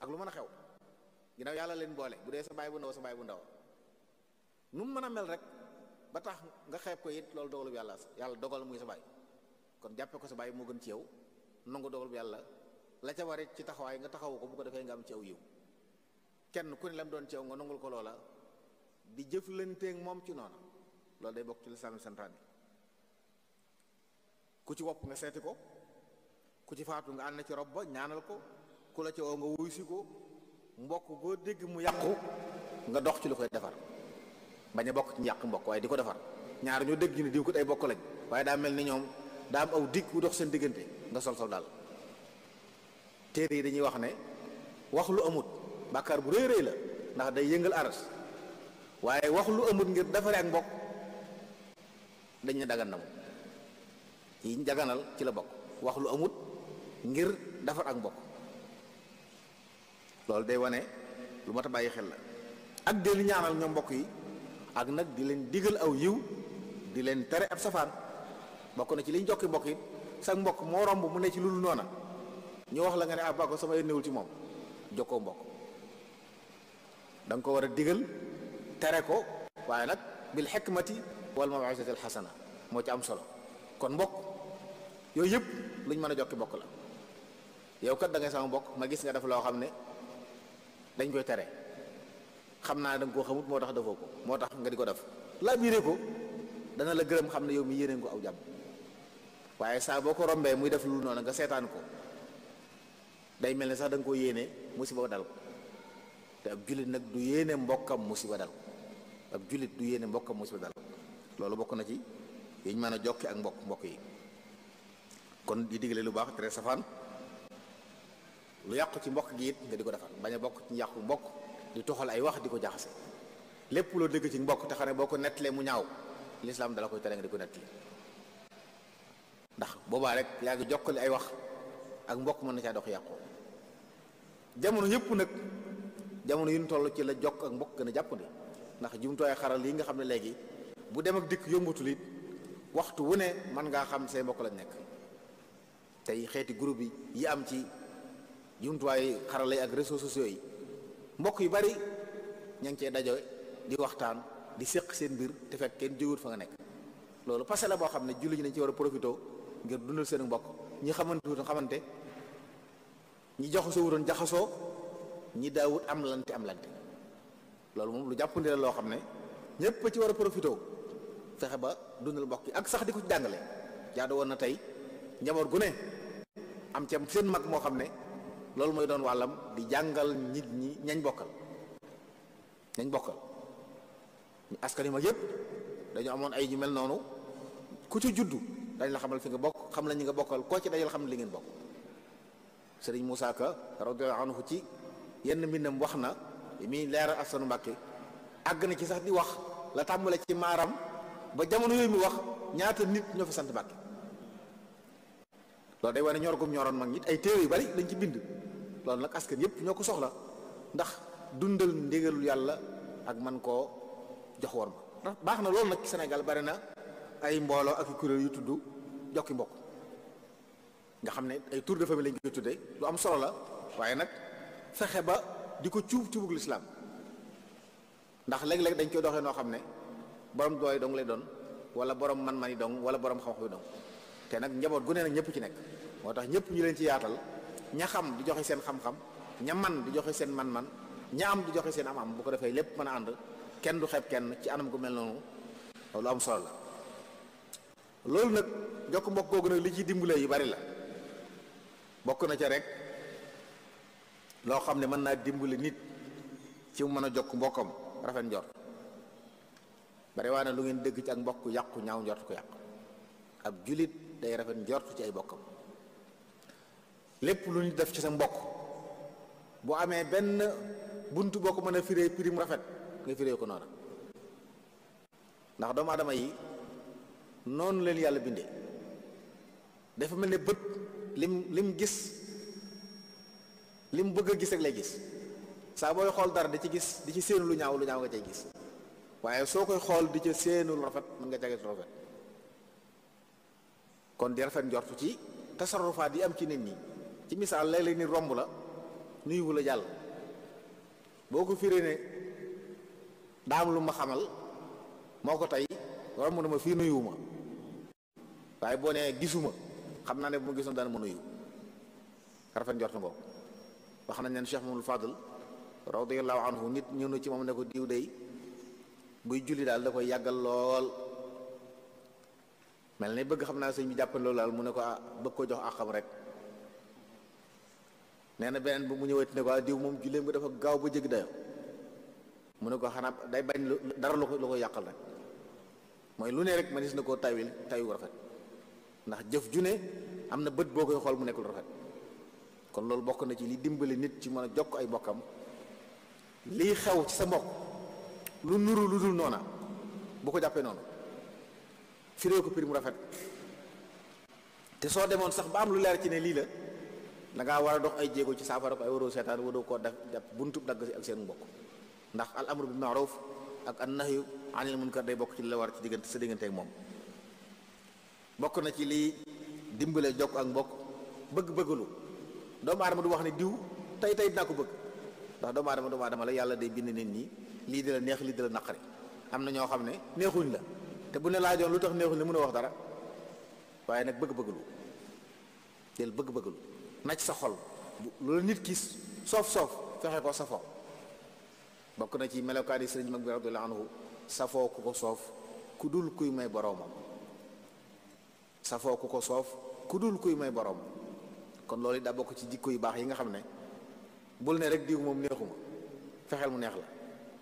ak lu mën a xew gi ginnaaw yàlla leen boole bu dee sa baay bu ndaw sa baay bu ndaw nu mu mën a mel rek ba tax nga xeeb ko it loolu dogalu bi yàlla yàlla dogal muy sa baay kon jàppe ko sa baay moo gën ci yow nangu dogal yàlla la ca warit ci taxawaay nga taxawu ko bu ko defee nga am ci aw ku ne doon ci nga nangul ko loola di jëflanteeg moom ci noona loolu day bokk ci lislaam santaane ku ci wopp nga seeti ko ku ci faatu nga ànd ci rob ba ñaanal ko ku la ci woo nga wuy si ko mbokk boo dégg mu yàqu nga dox ci lu koy defar bañ a bokk ci yàq mbokk waaye di ko defar ñaar ñoo dégg ñu ne diw ko ay bokk lañ waaye daa mel ni ñoom daa am aw dig wu dox seen diggante nga sol sol daal téere yi dañuy wax ne wax lu amut bàkkaar bu rëy rëy la ndax day yëngal aras waaye wax lu amut ngir defaree ak mbokk dañ ne dagan na moom ci la bokk wax lu amut ngir defar ak mbokk loolu day wane lu mat a bàyyi xel la ak di leen ñaanal ñoom mbokk yi ak nag di leen digal aw yiw di leen tere ab safaan bokk na ci liñ jokki mbokk yi sax mbokk moo romb mu ne ci lu dul noona ñu wax la nga ne ah ba ko sama yónneewul ci moom jokkoo mbokk da ko war a digal tere ko waaye nag bil xikmati wal mawizati al xasana moo ci am solo kon mbokk yooyu yëpp luñ mën a jokki mbokk la yow kat da ngay sama mbokk ma gis nga def loo xam ne dañ koy tere xam naa da nga koo xamut moo tax defoo ko moo tax nga di ko def laa biiree ko dana la gërëm xam ne yow mi yéeneen ko aw jàmm waaye saa boo ko rombee muy def lu noonu nga seetaan ko day mel ne sax da nga ko yéene musiba dal ko te ab jullit nag du yéene mbokkam musiba dal ko ak jullit du yéene mbokkam musiba dal loolu bokk na ci yiñ mën a jokki ak mbokk mbokk yi kon di digle lu baax tere safaan lu yàqu ci mbokk gi it nga di ko defar bañ bokk ci yàqu mbokk di toxal ay wax di ko jaxase lépp loo dëgg ci mbokk te xam ne boo ko nettalee mu ñaaw lislaam dala koy tere nga di ko nettali ndax boobaa rek yaa ngi jokkale ay wax ak mbokk mën na caa dox yàqu jamono yëpp nag jamono yu nu toll ci la jokk ak mbokk gën ndax jumtuwaay xaral yi nga xam ne léegi bu dem ak dikk yombatul waxtu wu ne mën ngaa xam say mbokk lañ nekk tey xeeti group yi yi am ci jumtuwaay xarala yi ak réseaux sociaux yi mbokk yu bari ña ngi cee daje di waxtaan di séq seen mbir te fekk kenn jógut fa nga nekk loolu passé la boo xam ne julli ñi dañ ci war a profité ngir dundal seen mbokk ñi xamante wutoon xamante ñi joxasoo wutoon jaxasoo ñi daawut am lante am lante loolu moom lu jàppandi la loo xam ne ñëpp ci war a profité fexe ba dundal mbokk yi ak sax di ko jàngale jaadu woon na tey njaboot gu ne am ci seen mag moo xam ne loolu mooy doon wàllam di jàngal nit ñi ñañ bokkal ñañ bokkal askan wi mag yëpp dañu amoon ay ñu mel noonu ku ci juddu dañ la xamal fi nga bokk xam la ñi nga bokkal koo ci dajal xam li ngeen bokk Serigne Moussa Ka radiyallahu anhu ci yenn mbindam wax na. bi muy leeral Askanu Mbàkke àgg na ci sax di wax la tàmbale ci maaram ba jamono yooyu mu wax ñaata nit ñoo fi sant Mbàkke loolu day wane ñor gum ñoroon mag nit ay téere yu bari lañ ci bind loolu nag askan yépp ñoo ko soxla ndax dundal ndégalul yàlla ak man koo jox woon ma baax na loolu nag ci Sénégal bari na ay mbooloo ak i kuréel yu tudd jokki mbokk nga xam ne ay tour de famille lañ koy tuddee lu am solo la waaye nag fexe ba di ko cuub cuubug lislaam ndax léeg-léeg dañ koy doxe noo xam ne borom dooy dong lay doon wala borom man-man yi dong wala borom xam-xam yi dong te nag njaboot gu ne nag ñëpp ci nekk moo tax ñëpp ñu leen ci yaatal ña xam di joxe seen xam-xam ña man di joxe seen man-man ña am di joxe seen am-am bu ko defee lépp mën a ànd kenn du xeeb kenn ci anam gu mel noonu lu am solo la loolu nag jokk mbokk kooku nag li ci dimbale yu bari la bokk na ca rek. loo xam ne mën naa dimbali nit ci mu mën a jokk mbokkam rafet njor bari waa ne lu ngeen dëgg ci ak mbokk yàqu ñaaw njort ko yàqu ab julit day rafet njort ci ay bokkam lépp lu ñu def ci sa mbokk bu amee benn bunt boo ko mën a firee pirim rafet nga firee ko noona ndax doomu aadama yi noonu leen yàlla bindee dafa mel ne bët lim lim gis li mu bëgg a gis ak lay gis saa booy xool dara di ci gis di ci séenu lu ñaaw lu ñaaw nga cay gis waaye soo koy xool di ca séenu lu rafet mën nga jage rafet kon di rafet njortu ci tasarufaat yi am ci nit ñi ci misaal léeg-léeg ni romb la nuyuwu la jàll boo ko firee ne daam lu ma xamal moo ko tey romb na ma fi nuyuwu ma waaye boo nee gisuma xam naa ne bu ma gisoon dana ma nuyu rafet njortu ngoo wax nañ leen Cheikh Mamadou Fadl radiyallahu anhu nit ñëw na ci moom ne ko diw day buy julli daal da koy yàggal lool mel ni bëgg xam naa sëñ bi jàppale loolu daal mu ne ko ah bëgg ko jox àqam rek nee na beneen bi mu ñëwati ne ko ah diw moom julleem nga dafa gaaw ba jëgg dayo mu ne ko xanaa day bañ lu dara lu ko lu ko yàqal rek mooy lu ne rek mënees na koo taywil taywu rafet ndax jëf ju ne am na bët boo koy xool mu nekk lu rafet kon loolu bokk na ci lii dimbale nit ci mën a jokk ay bokkam liy xew ci sa mbokk lu nuru lu dul noona bu ko jàppee noonu firee ko pir mu rafet te soo demoon sax ba am lu leer ci ne lii la da war a dox ay jéego ci saafara ko ay waroo seetaan waroo koo def jàpp buntub dagg si ak seen mbokk ndax al amru bil maaruf ak an nahyu anil munkar day bokk ci li la war ci diggante sa diggante moom bokk na ci lii dimbale jokk ak mbokk bëgg-bëggalu doomu aadama du wax ne diw tey tey dinaa ko bëgg ndax doomu aadama doomu aadama la yàlla day bind nit ñi lii di la neex lii di la naqari am na ñoo xam ne neexuñ la te bu ne laajoon lu tax neexuñ la mën a wax dara waaye nag bëgg-bëgg lu del bëgg-bëgg lu naj sa xol lu la nit ki soof-soof fexe ko safoo bokk na ci melokaan yi sëriñ mag bi radiyallahu anhu safoo ku ko soof ku dul kuy may boroomam safoo ku ko soof ku dul kuy may boroomam kon loolu daa bokk ci jikko yu baax yi nga xam ne bul ne rek diw moom neexuma fexeel mu neex la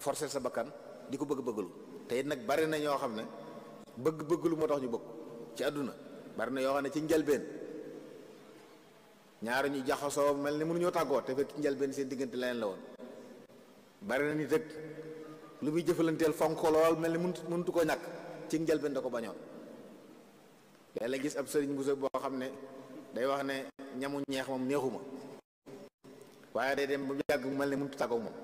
forcer sa bakkan di ko bëgg bëggalu te it nag bari na ñoo xam ne bëgg bëggalu moo tax ñu bëgg ci àdduna bari na yoo xam ne ci njalbeen ñaari ñuy jaxasoo mel ni mënuñoo tàggoo te fekk ci njalbeen seen diggante leneen la woon bari na nit rek lu muy jëfalanteel fonk lool mel ni mënut mënutu koo nag ci njalbeen da ko bañoon léeg-léeg gis ab sëriñ bu boo xam ne day wax ne ñamu ñeex moom neexuma waaye day dem ba mu yàgg mu mel ne mënut tàggoog moom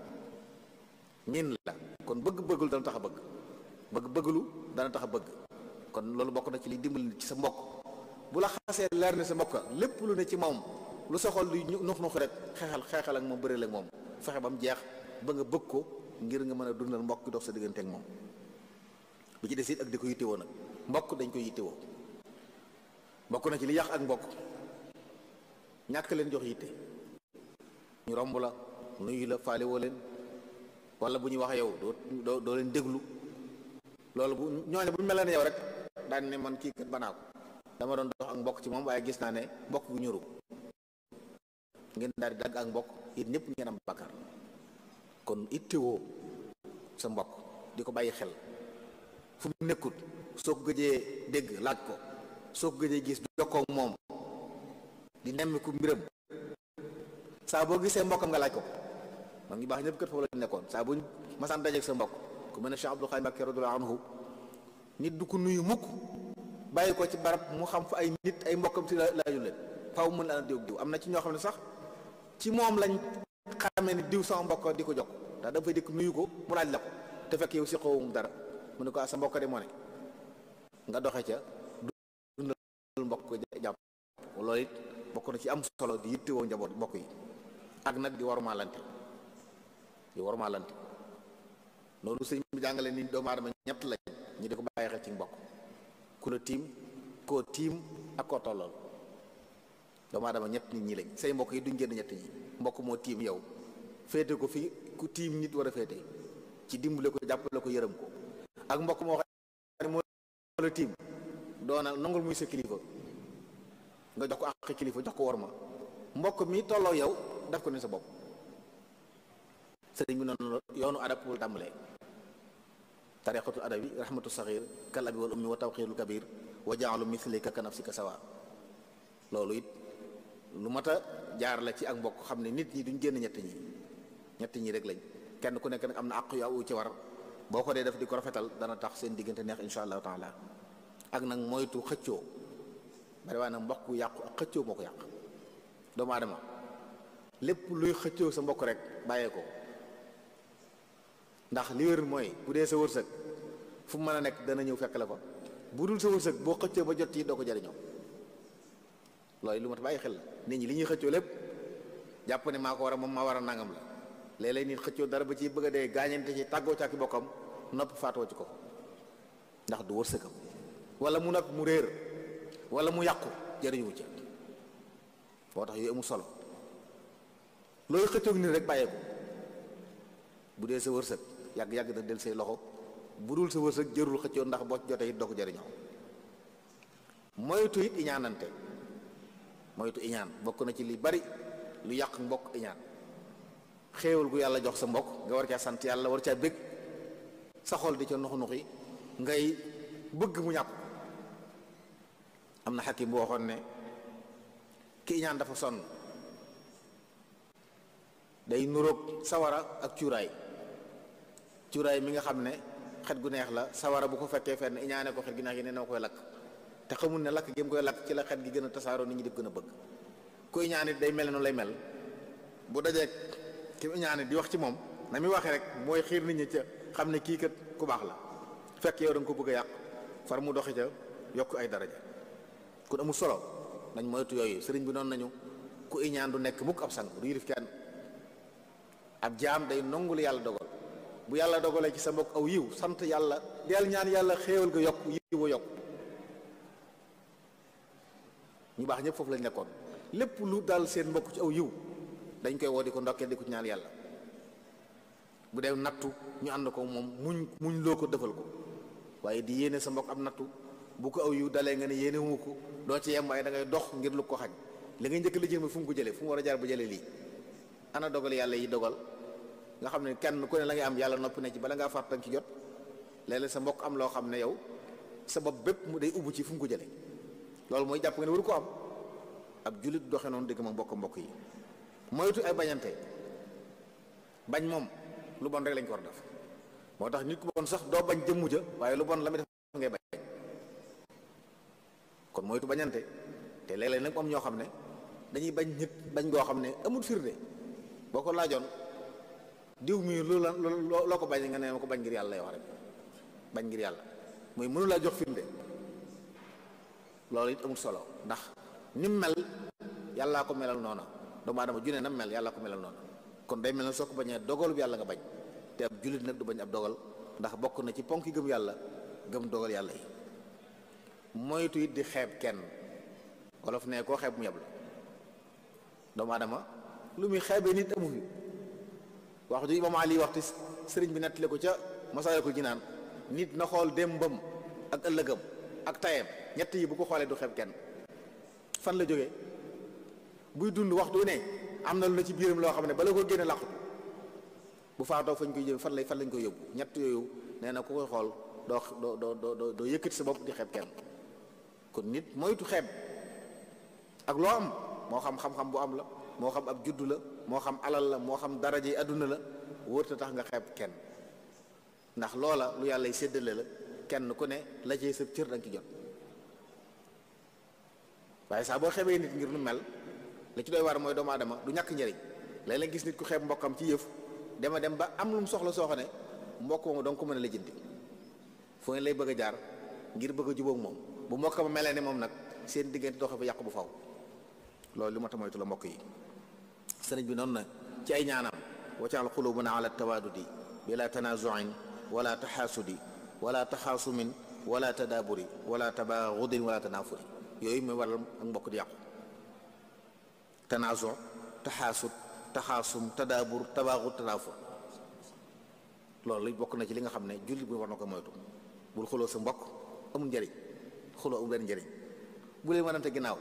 miin la kon bëgg bëggul dana tax a bëgg bëgg bëggulu dana tax a bëgg kon loolu bokk na ci liy dimbali ci sa mbokk bu la xasee leer ne sa mbokk lépp lu ne ci moom lu soxal lu nux nux rek xeexal xeexal ak moom bëreel la moom fexe ba mu jeex ba nga bëgg ko ngir nga mën a dundal mbokk dox sa digganteek moom bi ci des it ak di ko yittewoo nag mbokk dañ ko yittewoo na ci li ak mbokk ñàkk leen jox yitte ñu romb la nuyu la faale woo leen wala bu ñuy wax yow doo doo leen déglu loolu bu ñooñu bu mel ne yow rek daan ne man kii kat banaa dama doon dox ak mbokk ci moom waaye gis naa ne mbokk bu ñuru ngeen daal di dagg ak mbokk it ñépp ngeen am bakkar kon ittewoo sa mbokk di ko bàyyi xel fu mu nekkut soo ko gëjee dégg laaj ko soo ko gëjee gis jokkoo moom di nemmiku mbiram saa boo gisee mbokkam nga laaj ko mag ngi baax ñëpp kër foofu la nekkoon saa masaan dajeeg sa mbokk ku mel ne Cheikh Abdou Khadre Mbacké radiyallahu anhu nit du ko nuyu mukk bàyyi ko ci barab mu xam fa ay nit ay mbokkam si laaju leen faaw mën ana diw diw am na ci ñoo xam ne sax ci moom lañ xamee ni diw sama mbokk di ko jokk ndax da nga nuyu ko mu laaj la ko te fekk yow si xawum dara mun ne ko ah, sa mbokk de moo nga doxe ca dundal mbokk jàpp loolu it bokk na ci am solo di yittewoo njaboot bokk yi ak nag di warmaalante di warmaalante loolu sëñ bi jàngale ni doomu aadama ñett lañ ñu di ko bàyyi xel ci mbokk ku la tiim koo tiim doomu aadama ñett nit ñi lañ sey mbokk yi duñ génn ñett ñi mbokk moo tiim yow féete ko fi ku tiim nit war a féete ci dimbale ko jàppale ko yërëm ko ak mbokk moo xam moo tiim doona nangul muy sa kilifa nga jox ko àq kilifa jox ko war ma mbokk mi tolloo yow def ko ne sa bopp sëriñ bi noonu yoonu adab wul tàmbalee tariqatul adabi rahmatu saxir kal abi wal ummi wa tawxirul kabir wa jaalu mislika ka nafsika sawa loolu it lu mat a jaar la ci ak mbokk xam ne nit ñi duñ génn ñett ñi ñett ñi rek lañ kenn ku nekk nag am na àq yu ci war boo ko dee def di ko rafetal dana tax seen diggante neex insha allahu taala ak nag moytu xëccoo bari waa na mbokk yàqu ak xëccoo moo ko yàq doomu aadama lépp luy xëccoo sa mbokk rek bàyyee ko ndax li wér mooy bu dee sa wërsëg fu mën a nekk dana ñëw fekk la fa bu dul sa wërsëg boo xëccoo ba jot ci doo ko jariñoo loolu lu mat bàyyi xel la nit ñi li ñuy xëccoo lépp jàpp ne maa ko war a moom ma war a nangam la léeg lay nit xëccoo dara ba ci bëgg a dee gaañante ci tàggoo ca ak bokkam nopp faatoo ci ko ndax du wërsëgam wala mu nag mu réer wala mu yàqu jëriñu ca boo tax yooyu amul solo looy xëccoog nii rek bàyyeeku bu dee sa wërsëg yàgg yàgg na del say loxo bu dul sa wërsëg jërul xëccoo ndax boo jotee it doo ko jëriñoo moytu it iñaanante moytu iñaan bokk na ci li bari lu yàq mbokk iñaan xéewal gu yàlla jox sa mbokk nga war caa sant yàlla war caa bëgg sa xol di ca nux nuxi ngay bëgg mu ñàpp am na xakim boo waxoon ne ki ñaan dafa sonn day nuroog sawara ak cuuraay cuuraay mi nga xam ne xet gu neex la sawara bu ko fekkee fenn iñaane ko xet gu neex yi ne na koy lakk te xamul ne lakk gi mu koy lakk ci la gi gën a tasaaroo nit ñi di gën a bëgg ku iñaane day mel noonu lay mel bu dajee ki iñaane di wax ci moom na muy waxee rek mooy xiir nit ñi ca xam ne kii kat ku baax la fekk yow da nga ko bëgg a yàq far mu doxi ca yokk ay daraja kon amul solo nañ moytu yooyu sëriñ bi noonu nañu ku iñaan du nekk mukk ab sang du yilif kenn ab jaam day nongul yàlla dogal bu yàlla dogalee ci sa mbokk aw yiw sant yàlla del ñaan yàlla xéewal ga yokk yiw a yokk ñu baax ñëpp foofu lañ nekkoon lépp lu dal seen mbokk ci aw yiw dañ koy woo di ko ndokkee di ko ñaan yàlla bu dee nattu ñu ànd ko moom muñ muñ loo ko defal ko waaye di yéene sa mbokk am nattu bu ko aw yu dalee nga ne yéene wu ko doo ci yem waaye da ngay dox ngir lu ko xañ li ngay njëkk la jëm fu mu ko jëlee fu mu war a jaar ba jëlee lii ana dogal yàlla yi dogal nga xam ne kenn ku ne la ngay am yàlla noppi na ci bala ngaa fàttang ci jot léeg sa mbokk am loo xam ne yow sa bopp bépp mu day ubbu ci fu mu ko jëlee loolu mooy jàpp nga ne waru ko am ab julit doxe noonu dëgg ma mbokk mbokk yi moytu ay bañante bañ moom lu bon rek lañ ko war a moo tax nit ku bon sax doo bañ jëmmu ja waaye lu bon la muy mooy moytu bañante te léeg-léeg nag am ñoo xam ne dañuy bañ nit bañ goo xam ne amul firnde boo ko laajoon diw mi loolu la loo ko bañ nga ne ma ko bañ ngir yàlla lay wax rek bañ ngir yàlla muy mënulaa laa jox firnde loolu it amul solo ndax ni mel yàllaa ko melal noona doomu aadama junne na mel yàlla ko melal noona kon day mel na soo ko bañee dogalub yàlla nga bañ te ab jullit nag du bañ ab dogal ndax bokk na ci ponk yi gëm yàlla gëm dogal yàlla yi moytu it di xeeb kenn wolof ne koo xeeb mu yab la doomu aadama lu muy xeebee nit amu fi wax ju imaam Ali waxtu sëriñ bi nettali ko ca Masaalikul Jinaan nit na xool démbam ak ëllëgam ak tayam ñett yi bu ko xoolee du xeeb kenn fan la jógee buy dund waxtu ne am na lu ne ci biiram loo xam ne bala koo génne làqu bu faatoo fañ koy jëm fan lay fan lañ koy yóbbu ñett yooyu nee na ku koy xool doo doo doo doo yëkkati sa bopp di xeeb kenn kon nit moytu xeeb ak loo am moo xam xam-xam bu am la moo xam ab juddu la moo xam alal la moo xam daraja yi àdduna la wërta tax nga xeeb kenn ndax loola lu yàlla séddale la kenn ku ne la cee sëb cër danga ci jot waaye saa boo xebee nit ngir nu mel la ci doy war mooy doomu aadama du ñàkk njëriñ léeg la gis nit ku xeeb mbokkam ci yëf dema dem ba am lu mu soxla soo xam ne mbokk moomu danga ko mën a lijjanti foo lay bëgg a jaar ngir bëgg a jubóog moom bu mbokk ma melee ni moom nag seen diggante doxe bu yàqu bu faw loolu li ma ta moytu la mbokk yi sëriñ bi noonu na ci ay ñaanam bu xulubuna ala tawaadudi bila tanazuin wala taxaasudi wala taxaasumin wala tadaaburi wala tabaagudin wala tanaafuri yooyu muy waral ak mbokk di yàqu tanazu taxaasud taxaasum tadaabur tabaagud tanaafur loolu bokk na ci li nga xam ne jullit bi war na ko moytu bul xuloo sa mbokk amul njëriñ xuloo amul benn njëriñ bu leen wanante ginnaaw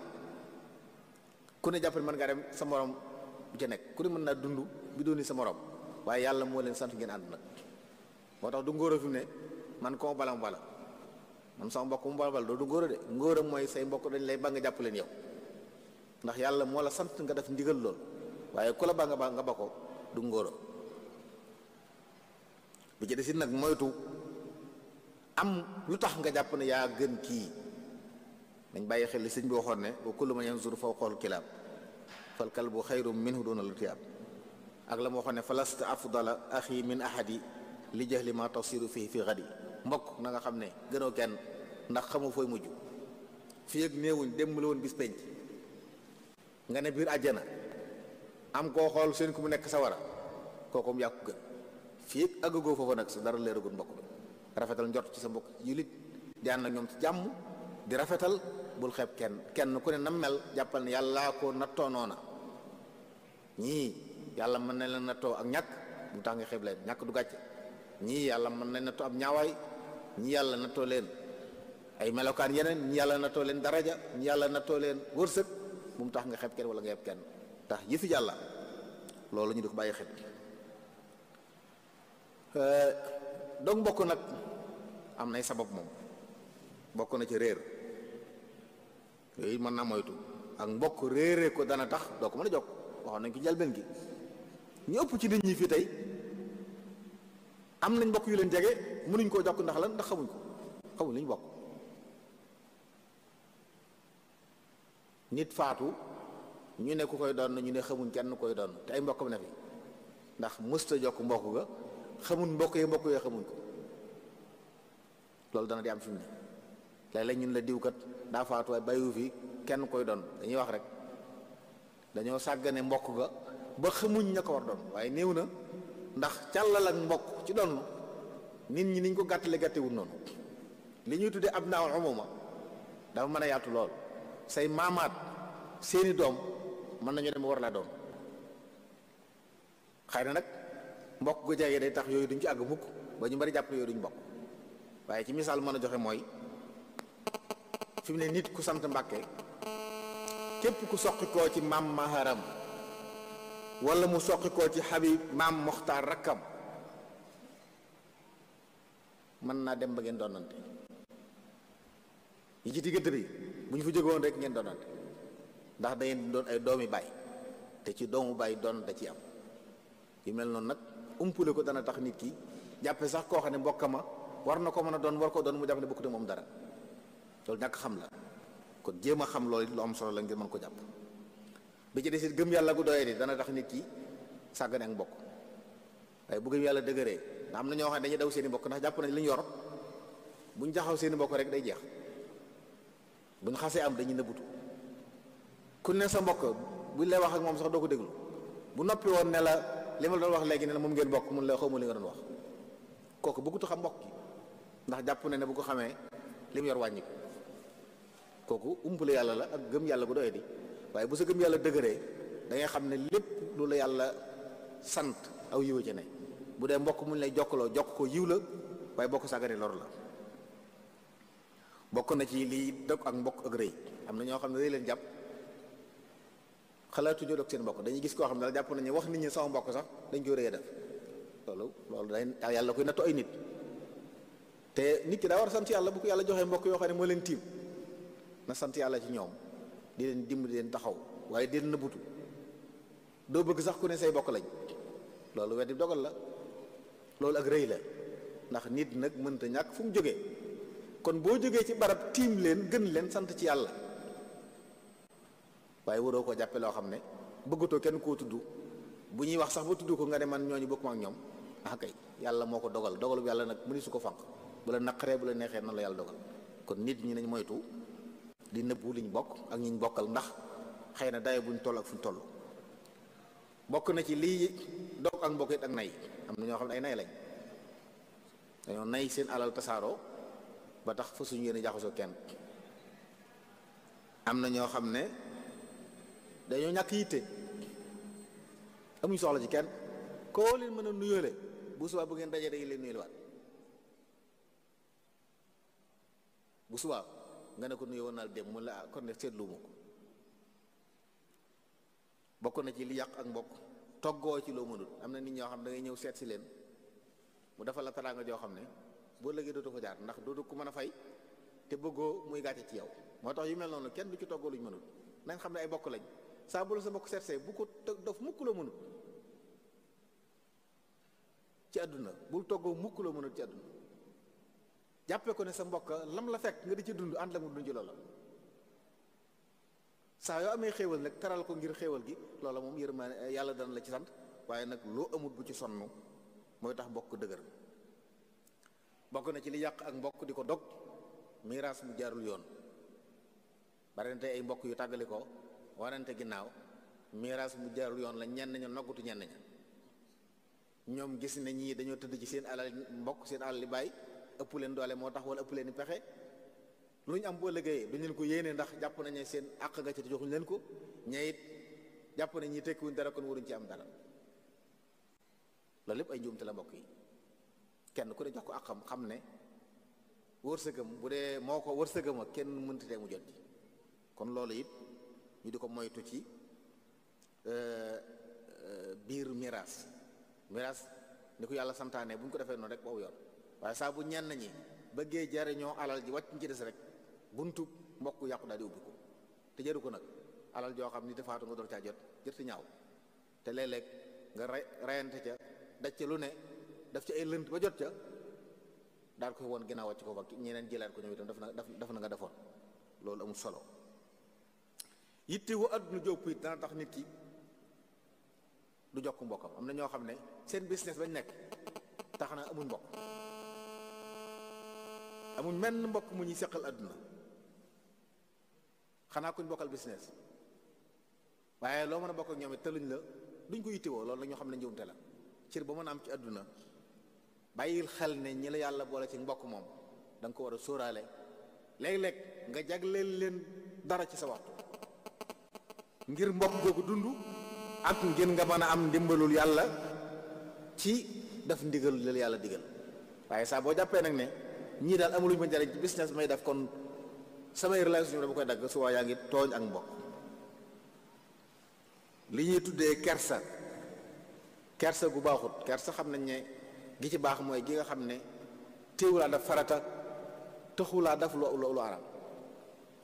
ku ne jàpp ne mën ngaa dem sa morom bu ca nekk ku ne mën naa dund bi dooni sa morom waaye yàlla moo leen sant ngeen ànd moo tax du ngóora fi mu ne man koo bala mu bala man sama mbokk ngóora mooy say mbokk dañ lay ba nga jàpp leen yow yàlla moo la sant nga def ndigal lool waaye ku la ba nga ba nga ba du ngóora bi ci desit nag moytu am lu tax nga jàpp ne yaa gën kii dañ bàyyi xel li sëñ bi waxoon ne wa kullu man yanzuru fawqal kilaab fal kalbu xayrum minhu duna lutiyaab ak la ma waxoon ne falasta afdala axi min ahadi li jahli ma tasiru fii fi xadi mbokk na nga xam ne gënoo kenn ndax xamoo fooy mujj fii ak néewuñ démb la woon bis penc nga ne biir àjjana am koo xool seen ku mu nekk sa sawara kooku mu yàqu gën fii ak àggagoo foofa nag sa dara leeragul mbokk bi rafetal njort ci sa mbokk jullit di ànd ak ñoom jàmm di rafetal bul xeeb kenn kenn ku ne na mel jàppal ne yàllaa ko nattoo noona ñii yàlla mën na leen nattoo ak ñàkk mu tax nga xeeb leen ñàkk du gàcce ñii yàlla mën na nattoo ab ñaawaay ñii yàlla nattoo leen ay melokaan yeneen ñii yàlla nattoo leen daraja ñii yàlla nattoo leen wërsëg bu mu tax nga xeeb kenn wala nga xeeb kenn tax yëfi yàlla loolu ñu di ko bàyyi xel euh, donc mbokk nag am nay sabab moom bokk na ci réer yooyu mën naa moytu ak mbokk réeree ko dana tax doo ko mën a jokk waxoon nañ ko njëlbeen gi ñu ëpp ci nit ñi fii tey am nañ mbokk yu leen jege mënuñ koo jokk ndax lan ndax xamuñ ko xamuñ li ñu bokk nit faatu ñu ne ku koy doon ñu ne xamuñ kenn koy doon te ay mbokkam ne fi ndax mësta jokk mbokk ga xamuñ mbokk yi mbokk yee xamuñ ko loolu dana di am fi ne léeg-léeg ñun la diwkat daa faatu waaye bàyyiwu fi kenn koy doon dañuy wax rek dañoo sàggane mbokk ga ba xëmuñ ña ko war doon waaye néew na ndax càllal ak mbokk ci doon nit ñi niñ ko gàttale gàttewul noonu li ñuy tuddee ab naaw ma dafa mën a yaatu lool say maamaat seeni doom mën nañu dem war laa doon xëy na nag mbokk gu jege day tax yooyu duñ ci àgg mukk ba ñu bari jàpp yooyu duñ bokk waaye ci misaal mën a joxe mooy fi ne nit ku sant Mbàkke képp ku soqikoo ci maam maharam wala mu soqi koo ci Habib maam Moxtaar rakkam mën naa dem ba ngeen donante yi ci diggante bu ñu fa jegoon rek ngeen donante ndax da ngeen doon ay doomi baay te ci doomu baay doon da ci am yu mel noonu nag umpule ko dana tax nit ki jàppe sax koo xam ne ma war na ko mën a doon war ko doon mu jàpp ne bokkute moom dara loolu ñàkk xam la kon jéem a xam loolu lu am solo la ngir mën ko jàpp bi ci des it gëm yàlla gu doyee di dana tax nit ki sàggane ak mbokk waaye bu gëm yàlla dëgëree ndax am na ñoo xam ne dañuy daw seen i mbokk ndax jàpp nañ li ñu yor bu jaxaw seen mbokk rek day jeex bu ñu am dañuy nëbbutu ku ne sa mbokk bu lay wax ak moom sax doo ko déglu bu noppi woon ne la li ma doon wax léegi ne moom ngeen bokk mun la xaw ma li nga doon wax kooku bëggutu xam mbokk ndax jàpp na ne bu ko xamee li mu yor wàññiku kooku umpale yàlla la ak gëm yàlla bu doy di waaye bu sa gëm yàlla dëgëree da ngay xam ne lépp lu la yàlla sant aw yiw ci ne bu dee mbokk mu ñu lay jokkaloo jokk ko yiw la waaye bokk sàggane lor la bokk na ci lii dog ak mbokk ak rëy am na ñoo xam ne rëy leen jàpp xalaatuñu dog seen mbokk dañuy gis koo xam ne daal jàpp nañu wax nit ñi sama mbokk sax dañ koy rëy def loolu loolu day yàlla koy nattu ay nit te nit ki daa war a sant yàlla bu ko yàlla joxee mbokk yoo xam ne moo na sant yàlla ci ñoom di leen dimbali leen taxaw waaye di leen nëbbutu doo bëgg sax ku ne say bokk lañ loolu weddi dogal la loolu ak rëy la ndax nit nag mënta ñàkk fu mu jógee kon boo jógee ci barab tiim leen gën leen sant ci yàlla waaye waroo ko jàppe loo xam ne bëggatoo kenn koo tudd bu ñuy wax sax ba tudd ko nga ne man ñooñu bokkuma ak ñoom ah kay yàlla moo ko dogal dogal bu yàlla nag mëni su ko fànq bu la naqaree bu la neexee nan la yàlla dogal di nëbbu liñ bokk ak ñiñ bokkal ndax xëy na daye buñ toll ak fuñ toll bokk na ci lii dog ak mbokk it ak nay am na ñoo xam ne ay nay lañ dañoo nay seen alal tasaaroo ba tax fa suñu yéene jaxasoo kenn am na ñoo xam ne dañoo ñàkk yitte amuñ soxla ci kenn koo leen mën a nuyoole bu subaa bu ngeen dajee day leen nuyoolewaat bu subaa nga ne ko nuyoo naal dem mu la ah, kon ne seetlu ma ko na ci li yàq ak mbokk toggoo ci loo mënut am na nit ñoo xam da ngay ñëw seet si leen mu defal a taraanga joo xam ne boo lëgee dootu ko jaar ndax dootu ko mën a fay te bëggoo muy gàcce ci yow moo tax yu mel noonu kenn du ci toggoo luñ mënut nañ xam ne ay bokk lañ saa la sa bokk seet see bu ko dof mukk loo mënut ci àdduna bul toggoo mukk loo mënut ci àdduna jàppee ko ne sa mbokk lam la fekk nga di ci dund ànd la mu dund ci loola saa yoo amee xéewal nag taral ko ngir xéewal gi loola moom yërmaane yàlla dana la ci sant waaye nag loo amut bu ci sonn mooy tax mbokk dëgër bokk na ci li yàq ak mbokk di ko dog miraas mu jaarul yoon barante ay mbokk yu tàggali ko warante ginnaaw miraas mu jaarul yoon la ñenn ña noggutu ñenn ña ñoom gis na ñii dañoo tëdd ci seen alal mbokk seen alal li bàyyi ëpp leen doole moo tax wala ëpp leen i pexe lu ñu am boo liggéeyee duñ leen ko yéenee ndax jàpp nañ seen àq nga ci te joxuñ leen ko ñee jàpp nañ ñi tekkiwuñ dara kon waruñ ci am dara loolu lépp ay njuumte la mbokk yi kenn ku ne jox ko àqam xam ne wërsëgam bu dee moo ko wërsëgam ak kenn mënti dee mu jot ci kon loolu it ñu di ko moytu ci euh, euh, biir miraas miraas ni ko yàlla santaane bu ñu ko defee noonu rek boobu yoon waaye saabu bu ñenn ñi bëggee jariñoo alal ji wàcc ci des rek buntu mbokk yàqu daal di ubbi ko te jaru ko nag alal joo xam ni defaatu nga door caa jot jërti ñaaw te léeg-léeg nga ray rayante ca daj ca lu ne daf ca ay lënt ba jot ca daal ko woon ginnaaw wàcc ko ba ñeneen jëlaat ko ñoom itam daf na daf na nga defoon loolu amul solo yitte wu àdduna jópp it dana tax nit ki du jokk mbokkam am na ñoo xam ne seen business bañ nekk tax na amul mbokk amuñ menn mbokk mu ñuy seqal àdduna xanaa kuñ bokkal business waaye loo mën a bokk ak ñoom it la duñ ko yittewoo lool la ñoo xam ne njëwante la cër ba mën a am ci àdduna bàyyil xel ne ñi la yàlla boole ci mbokk moom danga ko war a sóoraale léeg-léeg nga jagleel leen dara ci sa waxtu ngir mbokk googu dund ak ngeen nga mën a am ndimbalul yàlla ci def ndigal la yàlla digal waaye saa boo jàppee nag ne ñii daal amuluñ ma njariñ ci business may def kon samay relation dama koy dagg su waa yaa ngi tooñ ak mbokk li ñuy tuddee kersa kersa gu baaxut kersa xam nañ ne gi ci baax mooy gi nga xam ne téewulaa daf farata tëxulaa daf lu lu lu araam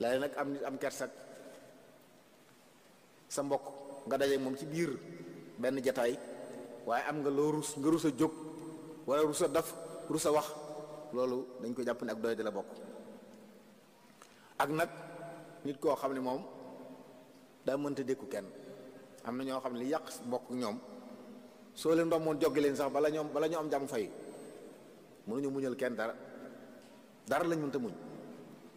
nag am nit am kersak sa mbokk nga daje moom ci biir benn jataay waaye am nga loo rus nga rus a jóg wala rus a daf rus a wax loolu dañ ko jàpp ne ak doy di la bokk ak nag nit koo xam ne moom daa mënta dékku kenn am na ñoo xam ne li yàq mbokk ñoom soo leen romboon joggi leen sax bala ñoom bala ñoo am jàmm fayu mënuñu muñal kenn dara dara lañ mënta muñ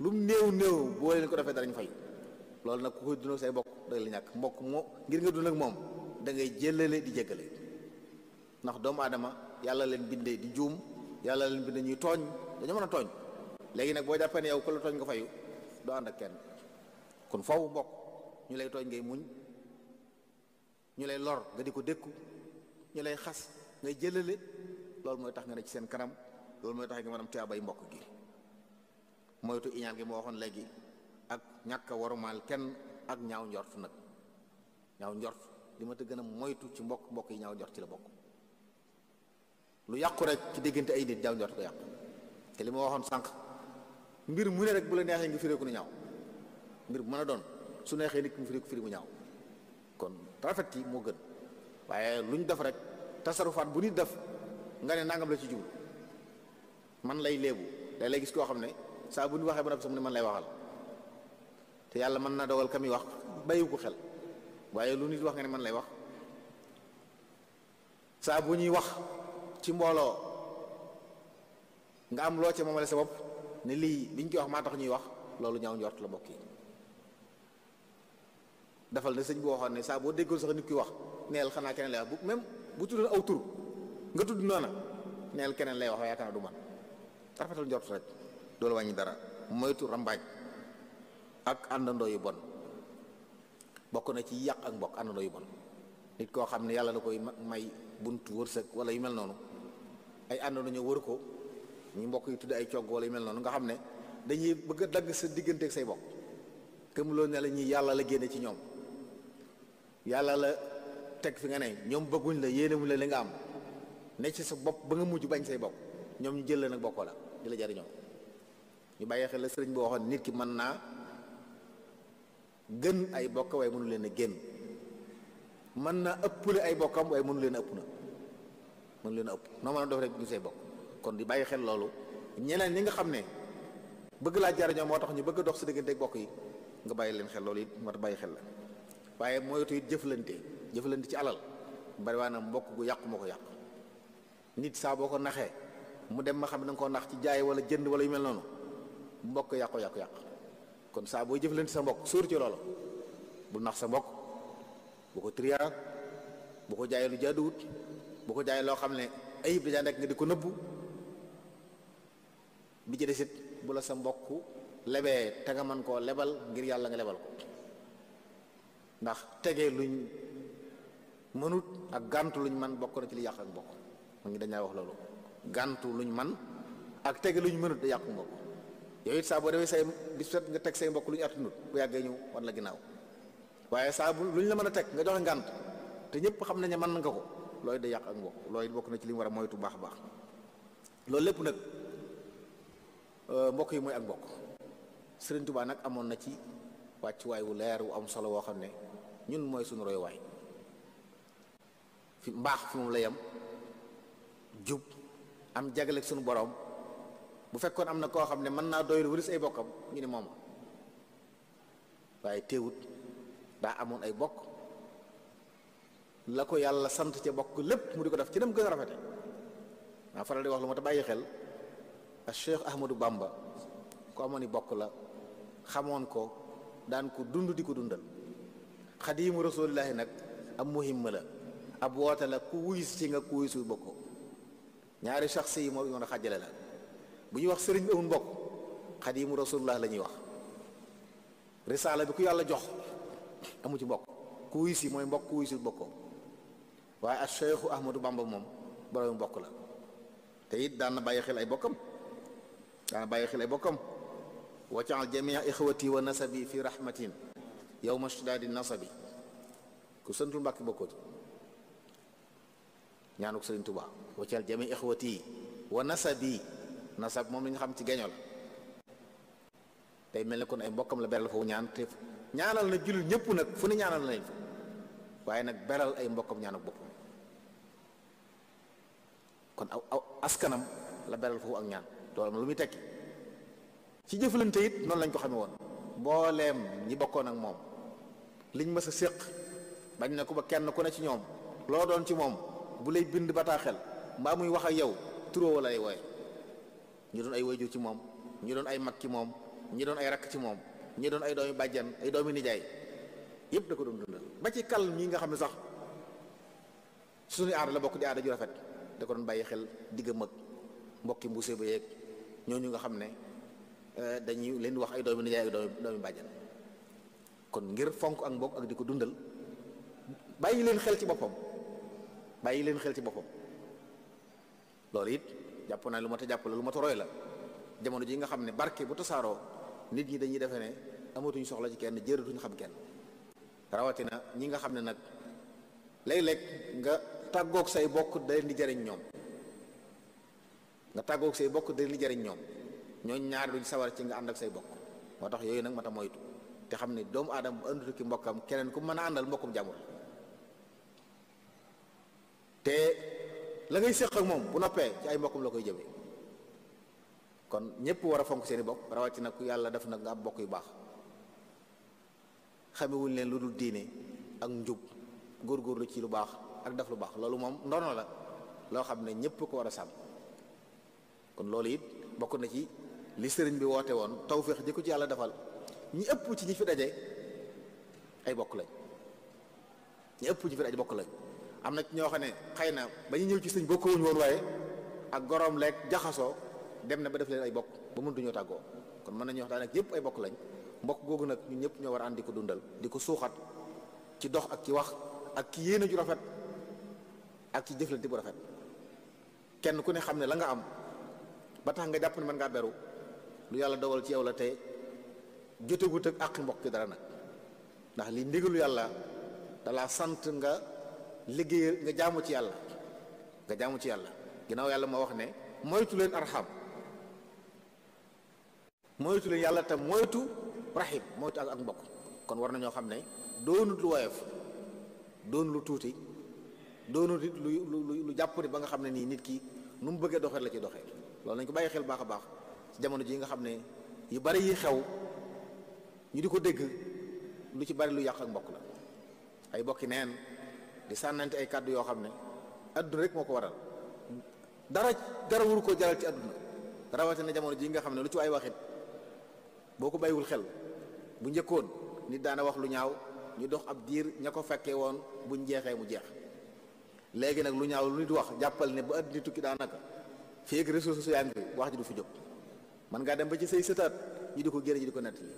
lu mu néew néew boo leen ko defee darañ fay loolu nag ku koy dund say bokk da li ñàkk mbokk moo ngir nga dund moom da ngay jëllale di jéggale ndax doomu aadama yàlla leen bindee di juum yàlla leen bi dañuy tooñ dañu mën a tooñ léegi nag boo jàppee ne yow ku la tooñ nga fayu doo ànd ak kenn kon foofu mbokk ñu lay tooñ ngay muñ ñu lay lor nga di ko dékku ñu lay xas ngay jëlale loolu mooy tax nga ne ci seen kanam loolu mooy tax nga maanaam tuyaa bay mbokk gi moytu iñaan gi moo waxoon léegi ak ñàkk a warumaal kenn ak ñaaw njort nag ñaaw njort li ma te gën a moytu ci mbokk mbokk yi ñaaw njort ci la bokk lu yàqu rek ci diggante ay nit jaaw njort ko yàqu te li ma waxoon sànq mbir mu ne rek bu la neexee nga firee ko nu ñaaw mbir bu mën a doon su neexee nit mu firee ko firi ñaaw kon rafet yi moo gën waaye lu ñu def rek tasarufaat bu nit def nga ne nangam la ci jublu man lay léebu day lay gis koo xam ne saa bu ñu waxee ba noppi sax mu ne man lay waxal te yàlla mën na dogal kami wax bàyyi ko xel waaye lu nit wax nga ne man lay wax saa ñuy wax ci mbooloo nga am loo ca moomale sa bopp ne lii liñ ci wax maa tax ñuy wax loolu ñaaw njort la mbokk yi defal na sëñ bi waxoon ne saa boo déggul sax nit ki wax neel xanaa keneen lay wax bu bu tuddoon aw tur nga tudd noona neel keneen lay wax yaakaar du man rafetal njort rek doolu dara moytu rambaaj ak àndandoo yu bon bokk na ci yàq ak mbokk àndandoo yu bon nit koo xam ne yàlla da koy may bunt wërsëg wala yu mel noonu ay ànd nañu wër ko ñu mbokk yi tudd ay cogg wala yu mel noonu nga xam ne dañuy bëgg a dagg sa diggante ak say bokk gëm loolu ne la ñuy yàlla la génne ci ñoom yàlla la teg fi nga ne ñoom bëgguñ la yéenewuñ la li nga am ne ci sa bopp ba nga mujj bañ say bokk ñoom ñu jël leen nag bokkoo la di la jariñoo ñu bàyyi xel la sëriñ bi waxoon nit ki mën naa gën ay bokk waaye mënu leen a génn mën naa ëppale ay bokkam waaye mënu leen a ëpp na mën leen a ëpp noo mën a def rek ñu see bokk kon di bàyyi xel loolu ñeneen ñi nga xam ne bëgg laa jariñoo moo tax ñu bëgg dox si diggante bokk yi nga bàyyi leen xel loolu it moo tax bàyyi xel la waaye moytu it jëflante jëflante ci alal bari waa na mbokk gu yàqu moo ko yàq nit saa boo ko naxee mu dem ma xam ne da nga koo nax ci jaay wala jënd wala yu mel noonu mbokk yàqu yàqu yàq kon saa booy jëflante sa mbokk sóor ci loolu bu nax sa mbokk bu ko triyaa bu bu ko jaay loo xam ne ayib da caa nga di ko nëbbu bi ci desit bu la sa mbokk lebee te nga mën koo lebal ngir yàlla nga lebal ko ndax tege luñ mënut ak gàntu luñ man bokk na ci li yàq ak mbokk mu ngi wax loolu gàntu luñ man ak tege luñ mënut da yàqu mbokk yooyu it saa boo demee say di nga teg say mbokk lu ñu attanut bu yàggee ñu wan la ginnaaw waaye saabu bu luñ la mën a teg nga joxe ngànt te ñëpp xam nañ ne mën nga ko looy da yàq ak mbokk looy bokk na ci li mu war a moytu baax baax loolu lépp nag euh, mbokk yi mooy ak mbokk Sëriñ Tuubaa nag amoon na ci wàccuwaay wu leer wu am solo woo xam ne ñun mooy suñu royuwaay fi mbaax fi moom la yem jub am jagleeg suñu boroom bu fekkoon am na koo xam ne mën naa doylu wëris ay bokkam ngi ne moom waaye teewut daa amoon ay bokk la ko yàlla sant ca bokk lépp mu di ko def ci dem gën a rafete maa faral di wax lu ma ta bàyyi xel a Cheikh Ahmadou Bamba ku amoon i bokk la xamoon ko daan ko dund di ko dundal xadiimu rasulillahi nag ab muhim la ab woote la ku wuyus ci nga ku wuyusul bokkoo ñaari sax yi moo yoon a xàjjale la bu ñuy wax sëriñ bi amul mbokk xadiimu rasulullah la ñuy wax risaala bi ku yàlla jox amu ci mbokk ku wuyus yi mooy mbokk ku wuyusul bokkoo waaye ak Seexu Ahmadu Bamba moom borom bokk la te it daan xel ay bokkam daan na bàyyi xel ay bokkam wacaal jamia ixwati wa nasabi yow ma shdaadi nasabi ku sëntul mbàkki bokkoo ci ñaanu ko sëriñ Tuubaa wacaal jamia ixwati wa nasabi nasab moom la ñu xam ci geño la tey mel ne kon ay mbokkam la beral foofu ñaan te ñaanal na jullit ñëpp nag fu ne ñaanal na waaye nag beral ay mbokkam ñaanu boppam kon aw aw askanam la beral foofu ak ñaan loolu lu muy tekki ci jëflante it noonu lañ ko xamee woon mbooleem ñi bokkoon ak moom liñ mës a séq bañ na ko ba kenn ku ne ci ñoom loo doon ci moom bu lay bind bataaxel mbaa muy wax ak yow turoo wala ay wooye ñu doon ay wayjur ci moom ñu doon ay mag ci moom ñi doon ay rakk ci moom ñi doon ay doomi bàjjan ay doomi nijaay yëpp da ko doon dundal ba ci kal mii nga xam ne sax suñu aada la bokk di aada ju rafet da ko doon bàyyi xel diggam ak mbokki mbuuse ba yeeg ñooñu nga xam ne euh, dañuy leen wax ay doomi nijaay ak doomi bàjjan kon ngir fonk ak mbokk ak di ko dundal bàyyi leen xel ci boppam bàyyi leen xel boppam loolu it jàpp naa lu mat a lu mat la jamono ji nga xam ne barke bu tasaaroo nit ñi dañuy defe ne amatuñ soxla ci kenn jëratuñ xam kenn rawatina ñi nga xam ne nag léeg-léeg nga tàggook say bokk da leen di jariñ ñoom nga tàggoog say bokk da di jariñ ñoom ñooñ ñaar duñ sawar ci nga ànd ak say bokk moo tax yooyu nag ma ta moytu te xam ne doomu aadama bu àndutu ki mbokkam keneen ku mën a àndal mbokkum jàmbur te la ngay séq ak moom bu noppee ci ay mbokkum la koy jëme kon ñëpp war a fonk seeni bokk rawatina ku yàlla def nag nga am bokk yu baax xamewuñ leen lu dul diine ak njub góorgóorlu ci lu baax ak def lu baax loolu moom ndono la loo xam ne ñëpp ko war a sàmm kon loolu it bokk na ci li sëriñ bi woote woon tawféex ji ko ci yàlla defal ñu ëpp ci ñi fi daje ay bokk lañ ñi ëpp ci fi daje am na ñoo xam ne xëy na ba ñu ñëw ci sëñ bokkuwuñ woon waaye ak gorom leeg jaxasoo dem na ba def leen ay bokk ba mënut ñoo tàggoo kon mën nañu wax daanaka ñëpp ay bokk lañ mbokk googu nag ñun ñëpp ñoo war a ànd di ko dundal di ko suuxat ci dox ak ci wax ak ci yéene ju rafet. ak ci jëflante bu rafet kenn ku ne xam ne la nga am ba tax nga jàpp ne mën ngaa beru lu yàlla dogal ci yow la tey jotegut ak àqi mbokk dara nag ndax li ndigalu yàlla dalaa sant nga liggéey nga jaamu ci yàlla nga jaamu ci yàlla ginnaaw yàlla moo wax ne moytu leen arxam moytu leen yàlla tam moytu rahim moytu ak mbokk kon war na ñoo xam ne doonut lu woyof doon lu tuuti doonu it lu lu lu jàppandi ba nga xam ne nii nit ki nu mu bëggee doxee la ci doxee loolu lañ ko bàyyi xel baax ci jamono ji nga xam ne yu bari yi xew ñu di ko dégg lu ci bari lu yàq ak ay bokki neen di sànnante ay kàddu yoo xam ne adduna rek moo ko waral dara dara koo jaral ci adduna rawatina jamono ji nga xam ne lu ci ay waxit boo ko bàyyiwul xel bu njëkkoon nit daana wax lu ñaaw ñu dox ab diir ña ko fekkee woon bu njeexee mu jeex léegi nag lu ñaaw lu nit wax jàppal ne ba àddina tukki daanaka fii ak ressources yaa ngi wax ji du fi jóg man ngaa dem ba ci say sëtaat ñi di ko gërë ñi di ko nettali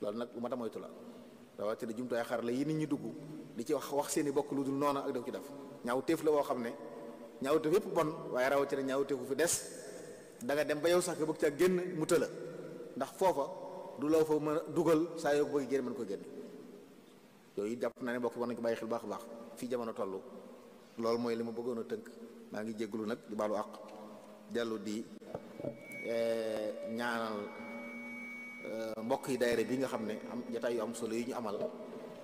loolu nag lu ma tamoytu la rawatina jumtuwaay xar la yi nit ñi dugg di ci wax wax seen i bokk lu dul noona ak def ci def ñaaw téef la woo xam ne ñaaw téef yëpp bon waaye rawatina ñaaw téefu fi des da nga dem ba yow sax nga bëgg caa génn mu tëla ndax foofa du loo fa mën a dugal saa yoo ko mën ko génn jàpp naa ne bokk war nañ ko bàyyi a baax fii jamono toll loolu mooy li ma bëggoon a tënk maa ngi jégalu nag di baalu àq dellu di eh, ñaanal eh, mbokk yi daayira bi nga xam ne am jataay yu am solo yi ñu amal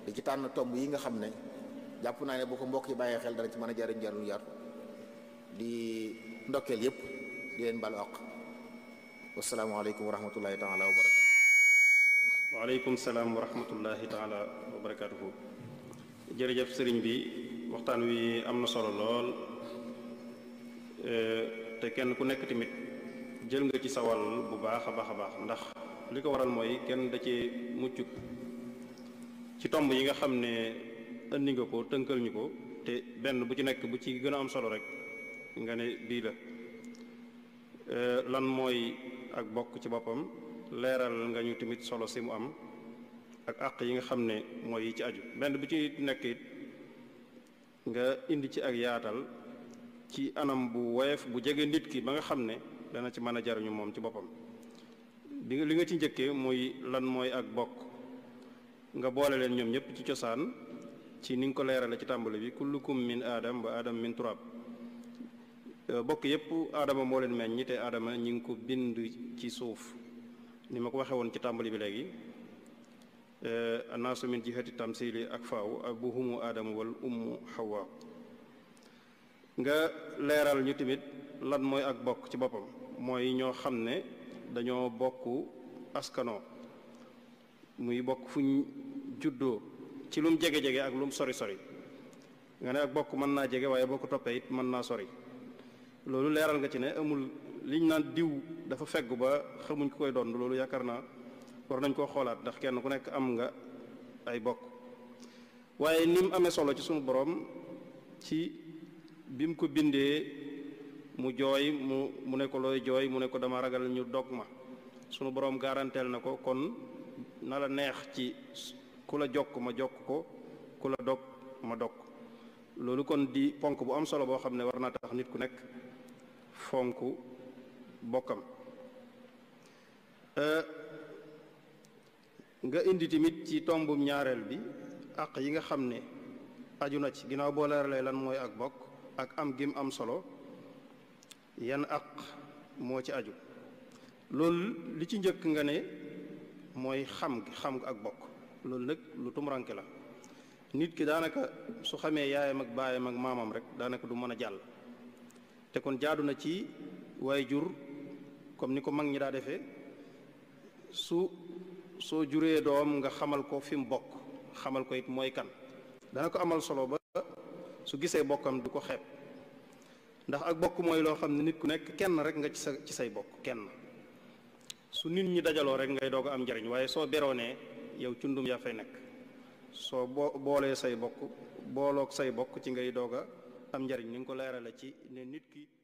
di ci tànn tomb yi nga xam ne jàpp naa ne boo ko mbokk yi bàyyee xel dana ci mën a jariñ jariñ yar di ndokkeel yépp di leen baalu àq wasalaamaaleykum wa rahmatullahi taala wa barakatu waaleykum salaam wa rahmatullahi taala wa barakatuhu jërëjëf sëriñ bi waxtaan wi am na solo lool e, te kenn ku nekk tamit jël nga ci sawal bu baax a baax a baax ndax li ko waral mooy kenn da cee mucc ci tomb yi nga xam ne indi nga ko tënkal ñu ko te benn bu ci nekk bu ci gën a am solo rek nga ne bii la e, lan mooy ak bokk ci boppam leeral nga ñu tamit solo si mu am ak àq yi nga xam ne mooy yi ci aju benn bu ci nekk nga indi ci ak yaatal ci anam bu woyof bu jege nit ki ba nga xam ne dana ci mën a jariñu moom ci boppam bi li nga ci njëkkee muy lan mooy ak bokk nga boole leen ñoom ñëpp ci cosaan ci ni nga ko leerale ci tàmbali bi kullukum min aadam ba aadam min turab euh, bokk yëpp aadama moo leen meññ te aadama ñi ngi ko bind ci suuf ni ma ko waxee woon ci tàmbali bi léegi Eh, annaasu min jihati tamsili ak faw faaw abuhumu aadama wal ummu xawaa nga leeral ñu tamit lan mooy ak bokk ci boppam mooy ñoo xam ne dañoo bokk askano muy bokk fu ñu juddoo ci lum jege-jege ak lum sori sori nga ne ak bokk mën naa jege waaye boo ko toppee it mën naa sori loolu leeral nga ci ne amul liñ naan diw dafa feggu ba xamuñ ku koy doon loolu yaakaar naa war nañ koo xoolaat ndax kenn ku nekk am nga ay bokk waaye ni mu amee solo ci sunu borom ci bi mu ko bindee mu jooy mu mu ne ko looy jooy mu ne ko dama ragal ñu dog ma sunu borom garanteel na ko kon na la neex ci ku la jokk ma jokk ko ku la dog ma dog loolu kon di ponk bu am solo boo xam ne war naa tax nit ku nekk fonk bokkam euh, nga indi tamit ci tombum ñaareel bi àq yi nga xam ne aju na ci ginnaaw boo leeralee lan mooy ak bokk ak am gim am solo yan àq moo ci aju loolu li ci njëkk nga ne mooy xam xam ak bokk loolu nag lu tumuranke la nit ki daanaka su xamee yaayam ak baayam ak maamam rek daanaka du mën a jàll te kon jaadu na ci waay jur comme ni ko mag ñi daa defee su soo juree doom nga xamal ko fi mu bokk xamal ko it mooy kan dana ko amal solo ba su gisee bokkam du ko xeeb ndax ak bokk mooy loo xam ne nit ku nekk kenn rek nga ci sa ci say bokk kenn su nit ñi dajaloo rek ngay doog am njariñ waaye soo beroonee yow cundum yaa fay nekk soo boo boolee say bokk booloog say bokk ci ngay doog a am njariñ ni nga ko leerale ci ne nit ki